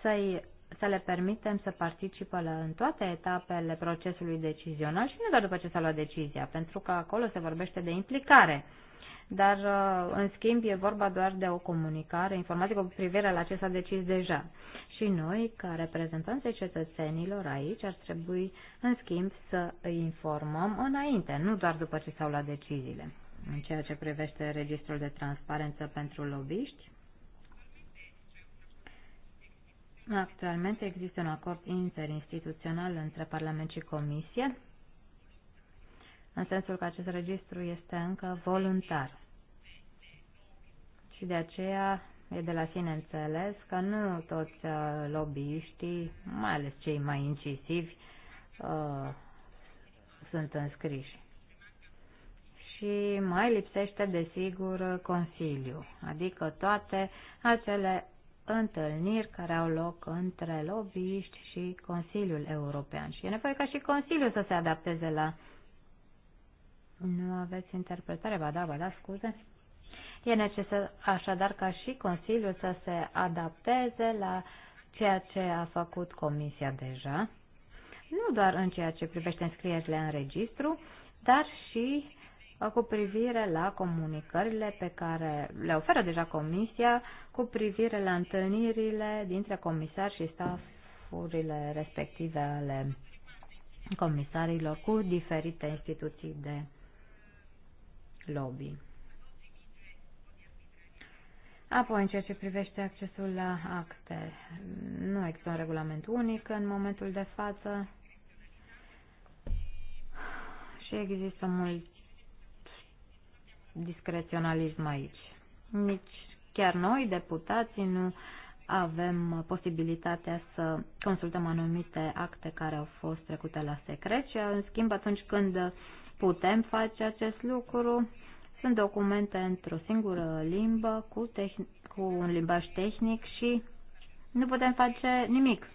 să să le permitem să participă la, în toate etapele procesului decizional și nu doar după ce s-a luat decizia, pentru că acolo se vorbește de implicare dar uh, în schimb e vorba doar de o comunicare, informații cu privire la ce s-a decis deja. Și noi, ca reprezentanții cetățenilor aici, ar trebui în schimb să îi informăm înainte, nu doar după ce s-au luat deciziile. În ceea ce privește registrul de transparență pentru lobiști, Actualmente există un acord interinstituțional între Parlament și Comisie, în sensul că acest registru este încă voluntar și de aceea e de la sine înțeles că nu toți uh, lobbyiștii, mai ales cei mai incisivi, uh, sunt înscriși. Și mai lipsește, desigur, Consiliu, adică toate acele întâlniri care au loc între lobbyiști și Consiliul European. Și e nevoie ca și Consiliul să se adapteze la... Nu aveți interpretare? Ba da, ba da, scuze. E necesar așadar ca și Consiliul să se adapteze la ceea ce a făcut Comisia deja, nu doar în ceea ce privește înscrierile în registru, dar și uh, cu privire la comunicările pe care le oferă deja Comisia cu privire la întâlnirile dintre comisari și stafurile respective ale comisarilor cu diferite instituții de lobby. Apoi, în ceea ce privește accesul la acte, nu există un regulament unic în momentul de față și există mult discreționalism aici. Nici chiar noi, deputații, nu avem posibilitatea să consultăm anumite acte care au fost trecute la secret și, în schimb, atunci când putem face acest lucru, sunt documente într-o singură limbă, cu, cu un limbaj tehnic și nu putem face nimic.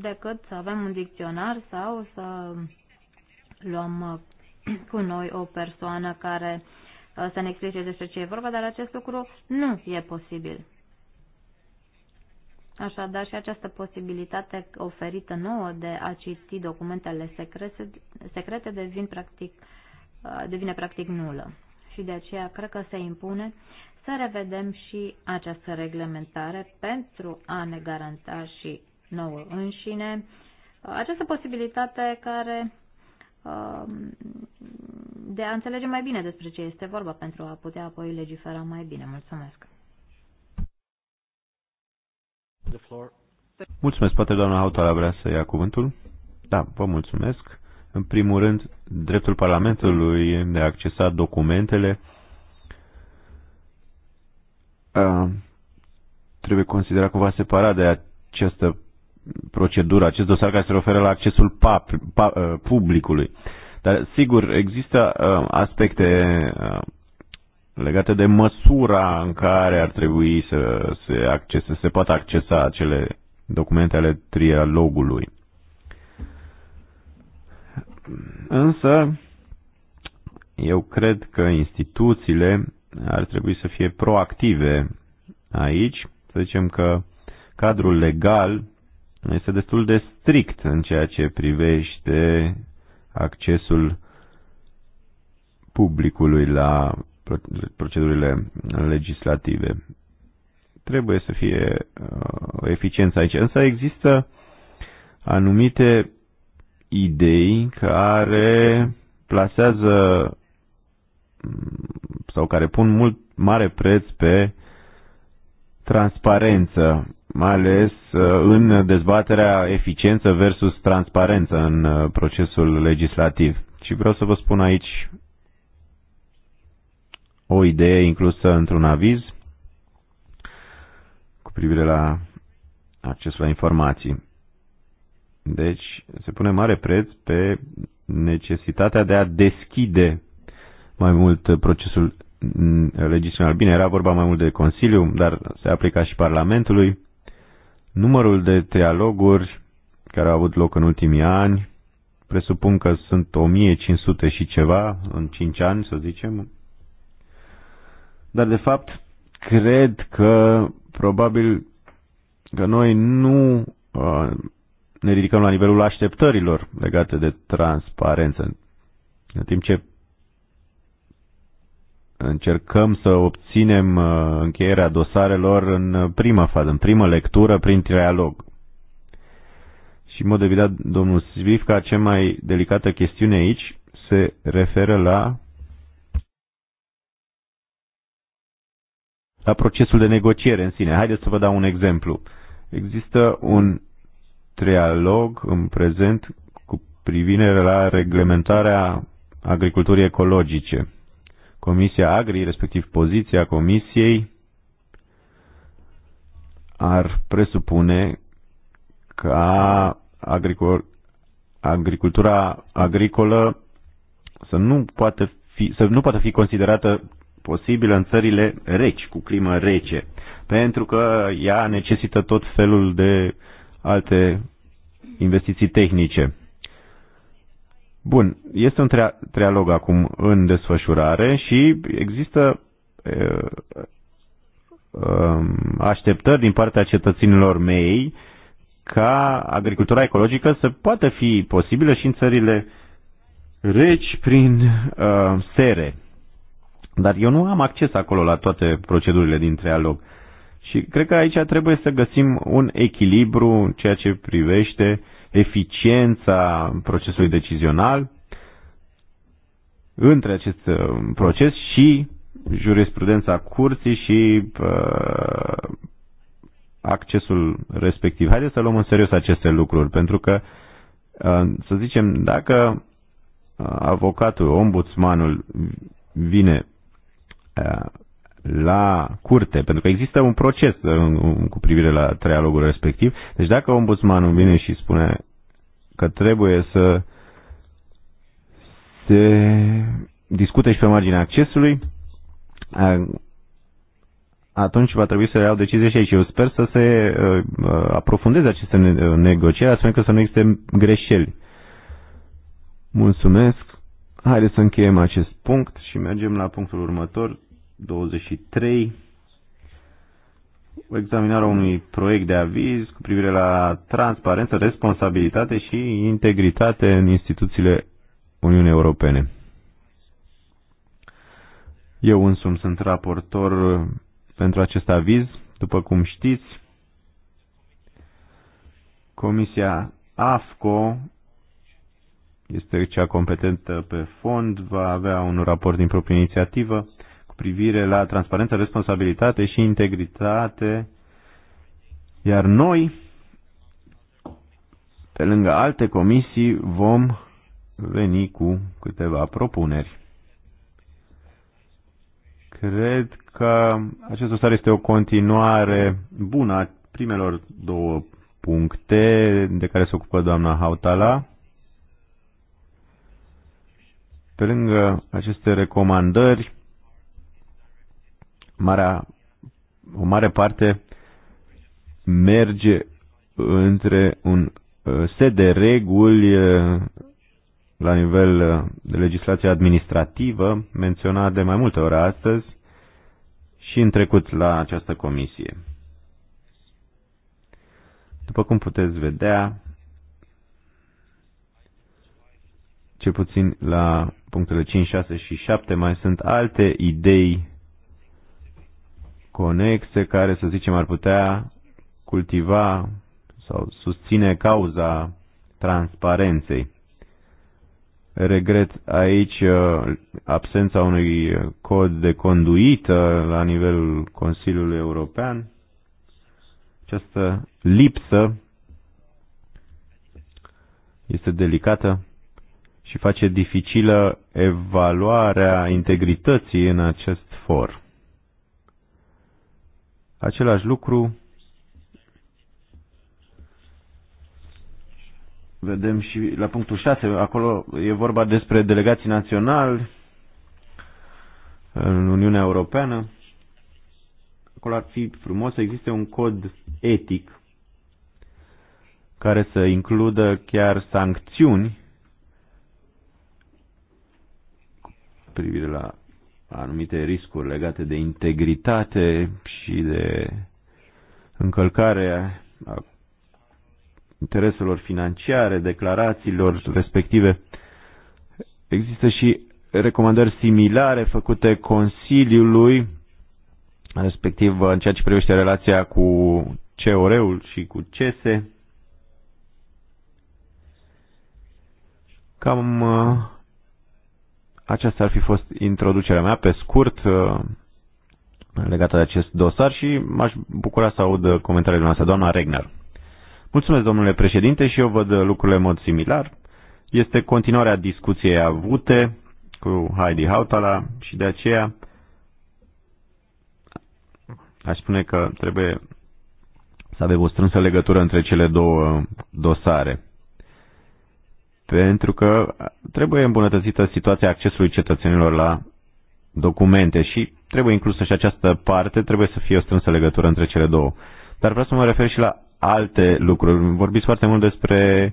decât să avem un dicționar sau să luăm uh, cu noi o persoană care uh, să ne explice despre ce e vorba, dar acest lucru nu e posibil. Așadar, și această posibilitate oferită nouă de a citi documentele secrete, secrete devin practic, uh, devine practic nulă. Și de aceea cred că se impune să revedem și această reglementare pentru a ne garanta și nouă înșine uh, această posibilitate care um, de a înțelege mai bine despre ce este vorba pentru a putea apoi legifera mai bine. Mulțumesc! Mulțumesc. Poate doamna Hautala vrea să ia cuvântul? Da, vă mulțumesc. În primul rând, dreptul Parlamentului de a accesa documentele a, trebuie considerat cumva separat de această procedură, acest dosar care se referă la accesul pap, pap, publicului. Dar, sigur, există a, aspecte a, legate de măsura în care ar trebui să se, accese, să se poată accesa acele documente ale trialogului. Însă, eu cred că instituțiile ar trebui să fie proactive aici. Să zicem că cadrul legal este destul de strict în ceea ce privește accesul publicului la procedurile legislative. Trebuie să fie uh, o eficiență aici. Însă există anumite idei care plasează mm, sau care pun mult mare preț pe transparență, mai ales uh, în dezbaterea eficiență versus transparență în uh, procesul legislativ. Și vreau să vă spun aici o idee inclusă într-un aviz cu privire la accesul la informații. Deci se pune mare preț pe necesitatea de a deschide mai mult procesul legislativ. Bine, era vorba mai mult de Consiliu, dar se aplica și Parlamentului. Numărul de trialoguri care au avut loc în ultimii ani, presupun că sunt 1500 și ceva în 5 ani, să zicem, dar, de fapt, cred că probabil că noi nu uh, ne ridicăm la nivelul așteptărilor legate de transparență. În timp ce încercăm să obținem uh, încheierea dosarelor în prima fază, în primă lectură, prin trialog. Și, în mod evident, domnul Svifca, cea mai delicată chestiune aici se referă la la procesul de negociere în sine. Haideți să vă dau un exemplu. Există un trialog în prezent cu privire la reglementarea agriculturii ecologice. Comisia Agri, respectiv poziția Comisiei, ar presupune ca agricol, agricultura agricolă să nu poată fi, să nu poate fi considerată posibilă în țările reci, cu climă rece, pentru că ea necesită tot felul de alte investiții tehnice. Bun, este un trialog acum în desfășurare și există um, așteptări din partea cetățenilor mei ca agricultura ecologică să poată fi posibilă și în țările reci prin uh, sere dar eu nu am acces acolo la toate procedurile din trialog. Și cred că aici trebuie să găsim un echilibru în ceea ce privește eficiența procesului decizional între acest uh, proces și jurisprudența curții și uh, accesul respectiv. Haideți să luăm în serios aceste lucruri, pentru că, uh, să zicem, dacă uh, avocatul, ombudsmanul vine Eh, la curte, pentru că există un proces eh, cu privire la trialogul respectiv. Deci dacă ombudsmanul vine și spune că trebuie să se discute și pe marginea accesului, eh, atunci va trebui să iau decizie și aici. Eu sper să se aprofundeze aceste negocieri, astfel că să nu existe greșeli. Mulțumesc. Haideți să încheiem acest punct și mergem la punctul următor, 23. Examinarea unui proiect de aviz cu privire la transparență, responsabilitate și integritate în instituțiile Uniunii Europene. Eu însumi sunt raportor pentru acest aviz. După cum știți, Comisia AFCO este cea competentă pe fond, va avea un raport din proprie inițiativă cu privire la transparență, responsabilitate și integritate, iar noi, pe lângă alte comisii, vom veni cu câteva propuneri. Cred că acest dosar este o continuare bună a primelor două puncte de care se ocupă doamna Hautala pe lângă aceste recomandări, marea, o mare parte merge între un uh, set de reguli uh, la nivel uh, de legislație administrativă, menționat de mai multe ori astăzi și în trecut la această comisie. După cum puteți vedea, cel puțin la punctele 5, 6 și 7 mai sunt alte idei conexe care, să zicem, ar putea cultiva sau susține cauza transparenței. Regret aici uh, absența unui cod de conduită la nivelul Consiliului European. Această lipsă este delicată și face dificilă evaluarea integrității în acest for. Același lucru vedem și la punctul 6, acolo e vorba despre delegații naționali în Uniunea Europeană. Acolo ar fi frumos să existe un cod etic care să includă chiar sancțiuni privire la anumite riscuri legate de integritate și de încălcare a intereselor financiare, declarațiilor respective. Există și recomandări similare făcute Consiliului, respectiv în ceea ce privește relația cu COR-ul și cu CESE. Cam uh, aceasta ar fi fost introducerea mea pe scurt uh, legată de acest dosar și m-aș bucura să aud comentariile noastre. Doamna Regner. Mulțumesc, domnule președinte, și eu văd lucrurile în mod similar. Este continuarea discuției avute cu Heidi Hautala și de aceea aș spune că trebuie să avem o strânsă legătură între cele două dosare pentru că trebuie îmbunătățită situația accesului cetățenilor la documente și trebuie inclusă și această parte, trebuie să fie o strânsă legătură între cele două. Dar vreau să mă refer și la alte lucruri. Vorbiți foarte mult despre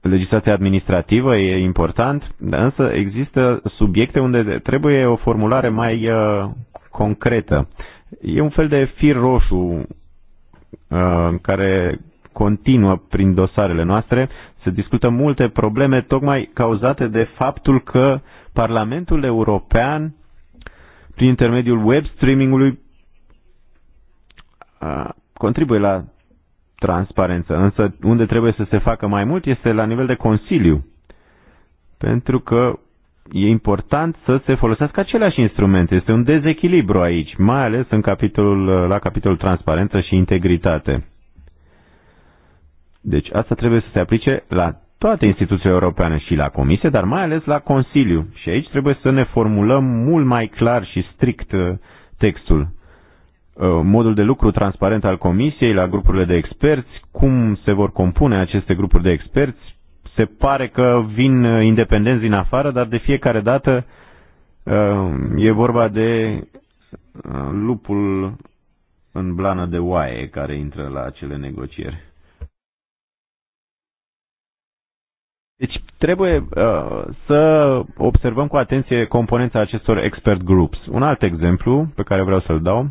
legislația administrativă, e important, dar însă există subiecte unde trebuie o formulare mai uh, concretă. E un fel de fir roșu uh, care continuă prin dosarele noastre. Se discută multe probleme tocmai cauzate de faptul că Parlamentul European, prin intermediul web streamingului, contribuie la transparență. Însă unde trebuie să se facă mai mult este la nivel de Consiliu. Pentru că e important să se folosească aceleași instrumente. Este un dezechilibru aici, mai ales în capitolul, la capitolul transparență și integritate. Deci asta trebuie să se aplice la toate instituțiile europene și la Comisie, dar mai ales la Consiliu. Și aici trebuie să ne formulăm mult mai clar și strict uh, textul. Uh, modul de lucru transparent al Comisiei, la grupurile de experți, cum se vor compune aceste grupuri de experți. Se pare că vin uh, independenți din afară, dar de fiecare dată e vorba de lupul în blană de oaie care intră la acele negocieri. Deci trebuie uh, să observăm cu atenție componența acestor expert groups. Un alt exemplu pe care vreau să-l dau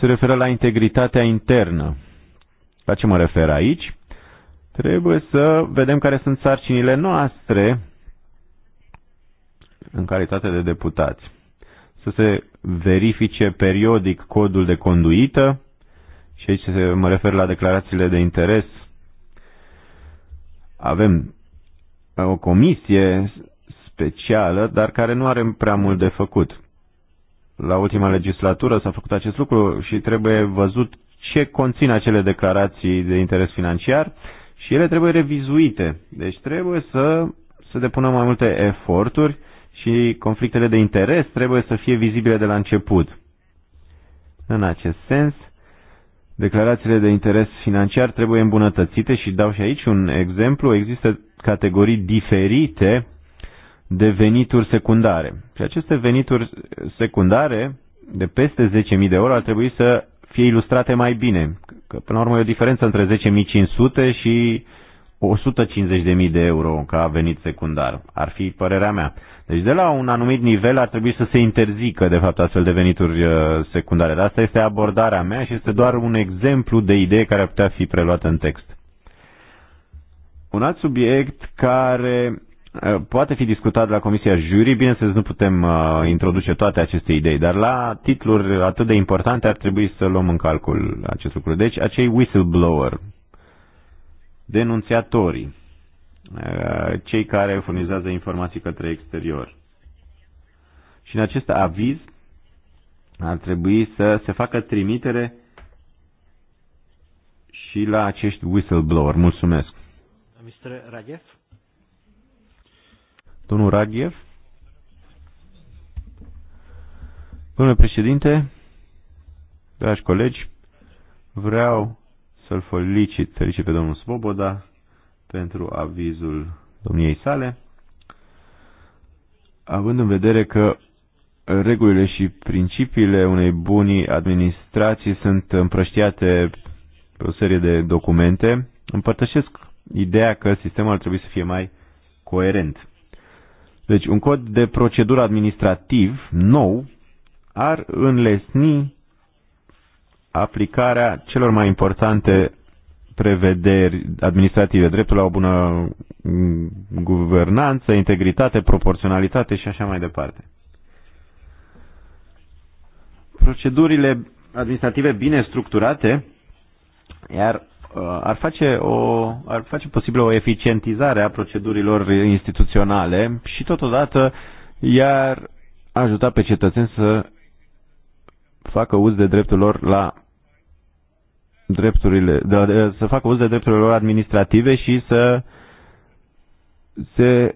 se referă la integritatea internă. La ce mă refer aici? Trebuie să vedem care sunt sarcinile noastre în calitate de deputați. Să se verifice periodic codul de conduită și aici mă refer la declarațiile de interes avem o comisie specială, dar care nu are prea mult de făcut. La ultima legislatură s-a făcut acest lucru și trebuie văzut ce conțin acele declarații de interes financiar și ele trebuie revizuite. Deci trebuie să, se depună mai multe eforturi și conflictele de interes trebuie să fie vizibile de la început. În acest sens, Declarațiile de interes financiar trebuie îmbunătățite și dau și aici un exemplu. Există categorii diferite de venituri secundare. Și aceste venituri secundare de peste 10.000 de euro ar trebui să fie ilustrate mai bine. Că până la urmă e o diferență între 10.500 și 150.000 de euro ca venit secundar. Ar fi părerea mea. Deci de la un anumit nivel ar trebui să se interzică de fapt astfel de venituri uh, secundare. Dar asta este abordarea mea și este doar un exemplu de idee care ar putea fi preluată în text. Un alt subiect care uh, poate fi discutat la Comisia Jurii, bineînțeles nu putem uh, introduce toate aceste idei, dar la titluri atât de importante ar trebui să luăm în calcul acest lucru. Deci acei whistleblower denunțiatorii, uh, cei care furnizează informații către exterior. Și în acest aviz ar trebui să se facă trimitere și la acești whistleblower. Mulțumesc. Mr. Radev? Domnul Radev? Domnule președinte, dragi colegi, vreau să-l felicit, felicit pe domnul Svoboda pentru avizul domniei sale, având în vedere că regulile și principiile unei buni administrații sunt împrăștiate pe o serie de documente, împărtășesc ideea că sistemul ar trebui să fie mai coerent. Deci un cod de procedură administrativ nou ar înlesni aplicarea celor mai importante prevederi administrative, dreptul la o bună mm, guvernanță, integritate, proporționalitate și așa mai departe. Procedurile administrative bine structurate iar uh, ar face, o, ar face posibil o eficientizare a procedurilor instituționale și totodată iar ajuta pe cetățeni să facă uz de dreptul lor la drepturile, de, de, să facă uz de drepturile lor administrative și să se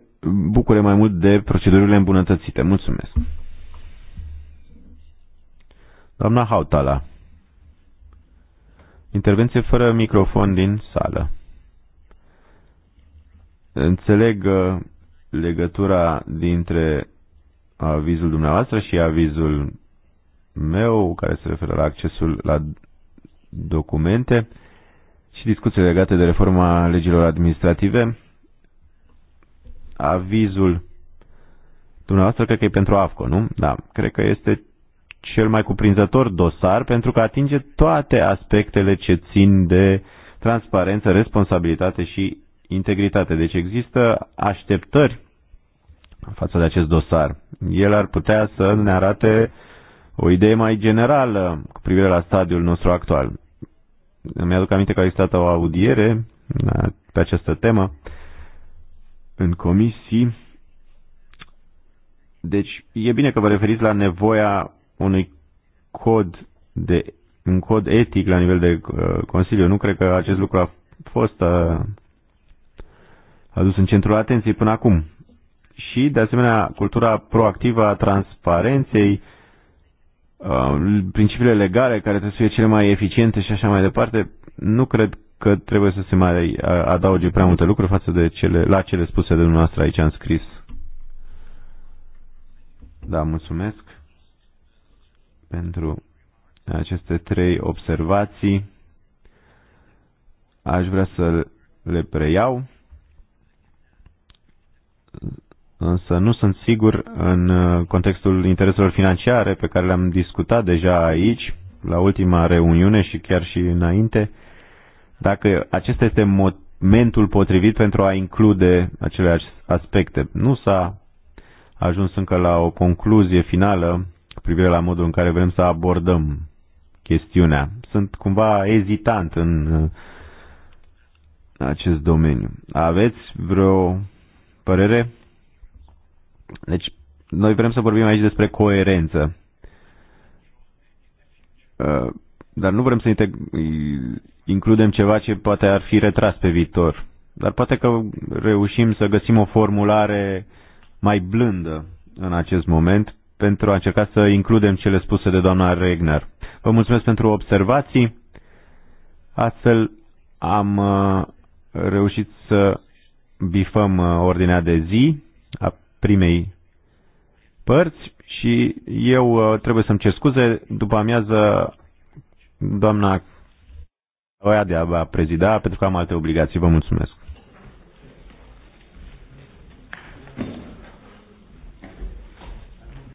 bucure mai mult de procedurile îmbunătățite. Mulțumesc. Doamna Hautala. Intervenție fără microfon din sală. Înțeleg uh, legătura dintre avizul dumneavoastră și avizul meu, care se referă la accesul la documente și discuții legate de reforma legilor administrative. Avizul dumneavoastră cred că e pentru AFCO, nu? Da, cred că este cel mai cuprinzător dosar pentru că atinge toate aspectele ce țin de transparență, responsabilitate și integritate. Deci există așteptări față de acest dosar. El ar putea să ne arate o idee mai generală cu privire la stadiul nostru actual îmi aduc aminte că a existat o audiere uh, pe această temă în comisii. Deci e bine că vă referiți la nevoia unui cod de un cod etic la nivel de uh, Consiliu. Nu cred că acest lucru a fost uh, adus în centrul atenției până acum. Și, de asemenea, cultura proactivă a transparenței Uh, principiile legale care trebuie să fie cele mai eficiente și așa mai departe, nu cred că trebuie să se mai uh, adauge prea multe lucruri față de cele, la cele spuse de dumneavoastră aici în scris. Da, mulțumesc pentru aceste trei observații. Aș vrea să le preiau însă nu sunt sigur în uh, contextul intereselor financiare pe care le-am discutat deja aici, la ultima reuniune și chiar și înainte, dacă acesta este momentul potrivit pentru a include acele aspecte. Nu s-a ajuns încă la o concluzie finală cu privire la modul în care vrem să abordăm chestiunea. Sunt cumva ezitant în uh, acest domeniu. Aveți vreo părere? Deci, noi vrem să vorbim aici despre coerență. Uh, dar nu vrem să includem ceva ce poate ar fi retras pe viitor. Dar poate că reușim să găsim o formulare mai blândă în acest moment pentru a încerca să includem cele spuse de doamna Regner. Vă mulțumesc pentru observații. Astfel am uh, reușit să bifăm uh, ordinea de zi primei părți și eu uh, trebuie să-mi cer scuze. După amiază, doamna Oia de a prezida, pentru că am alte obligații. Vă mulțumesc.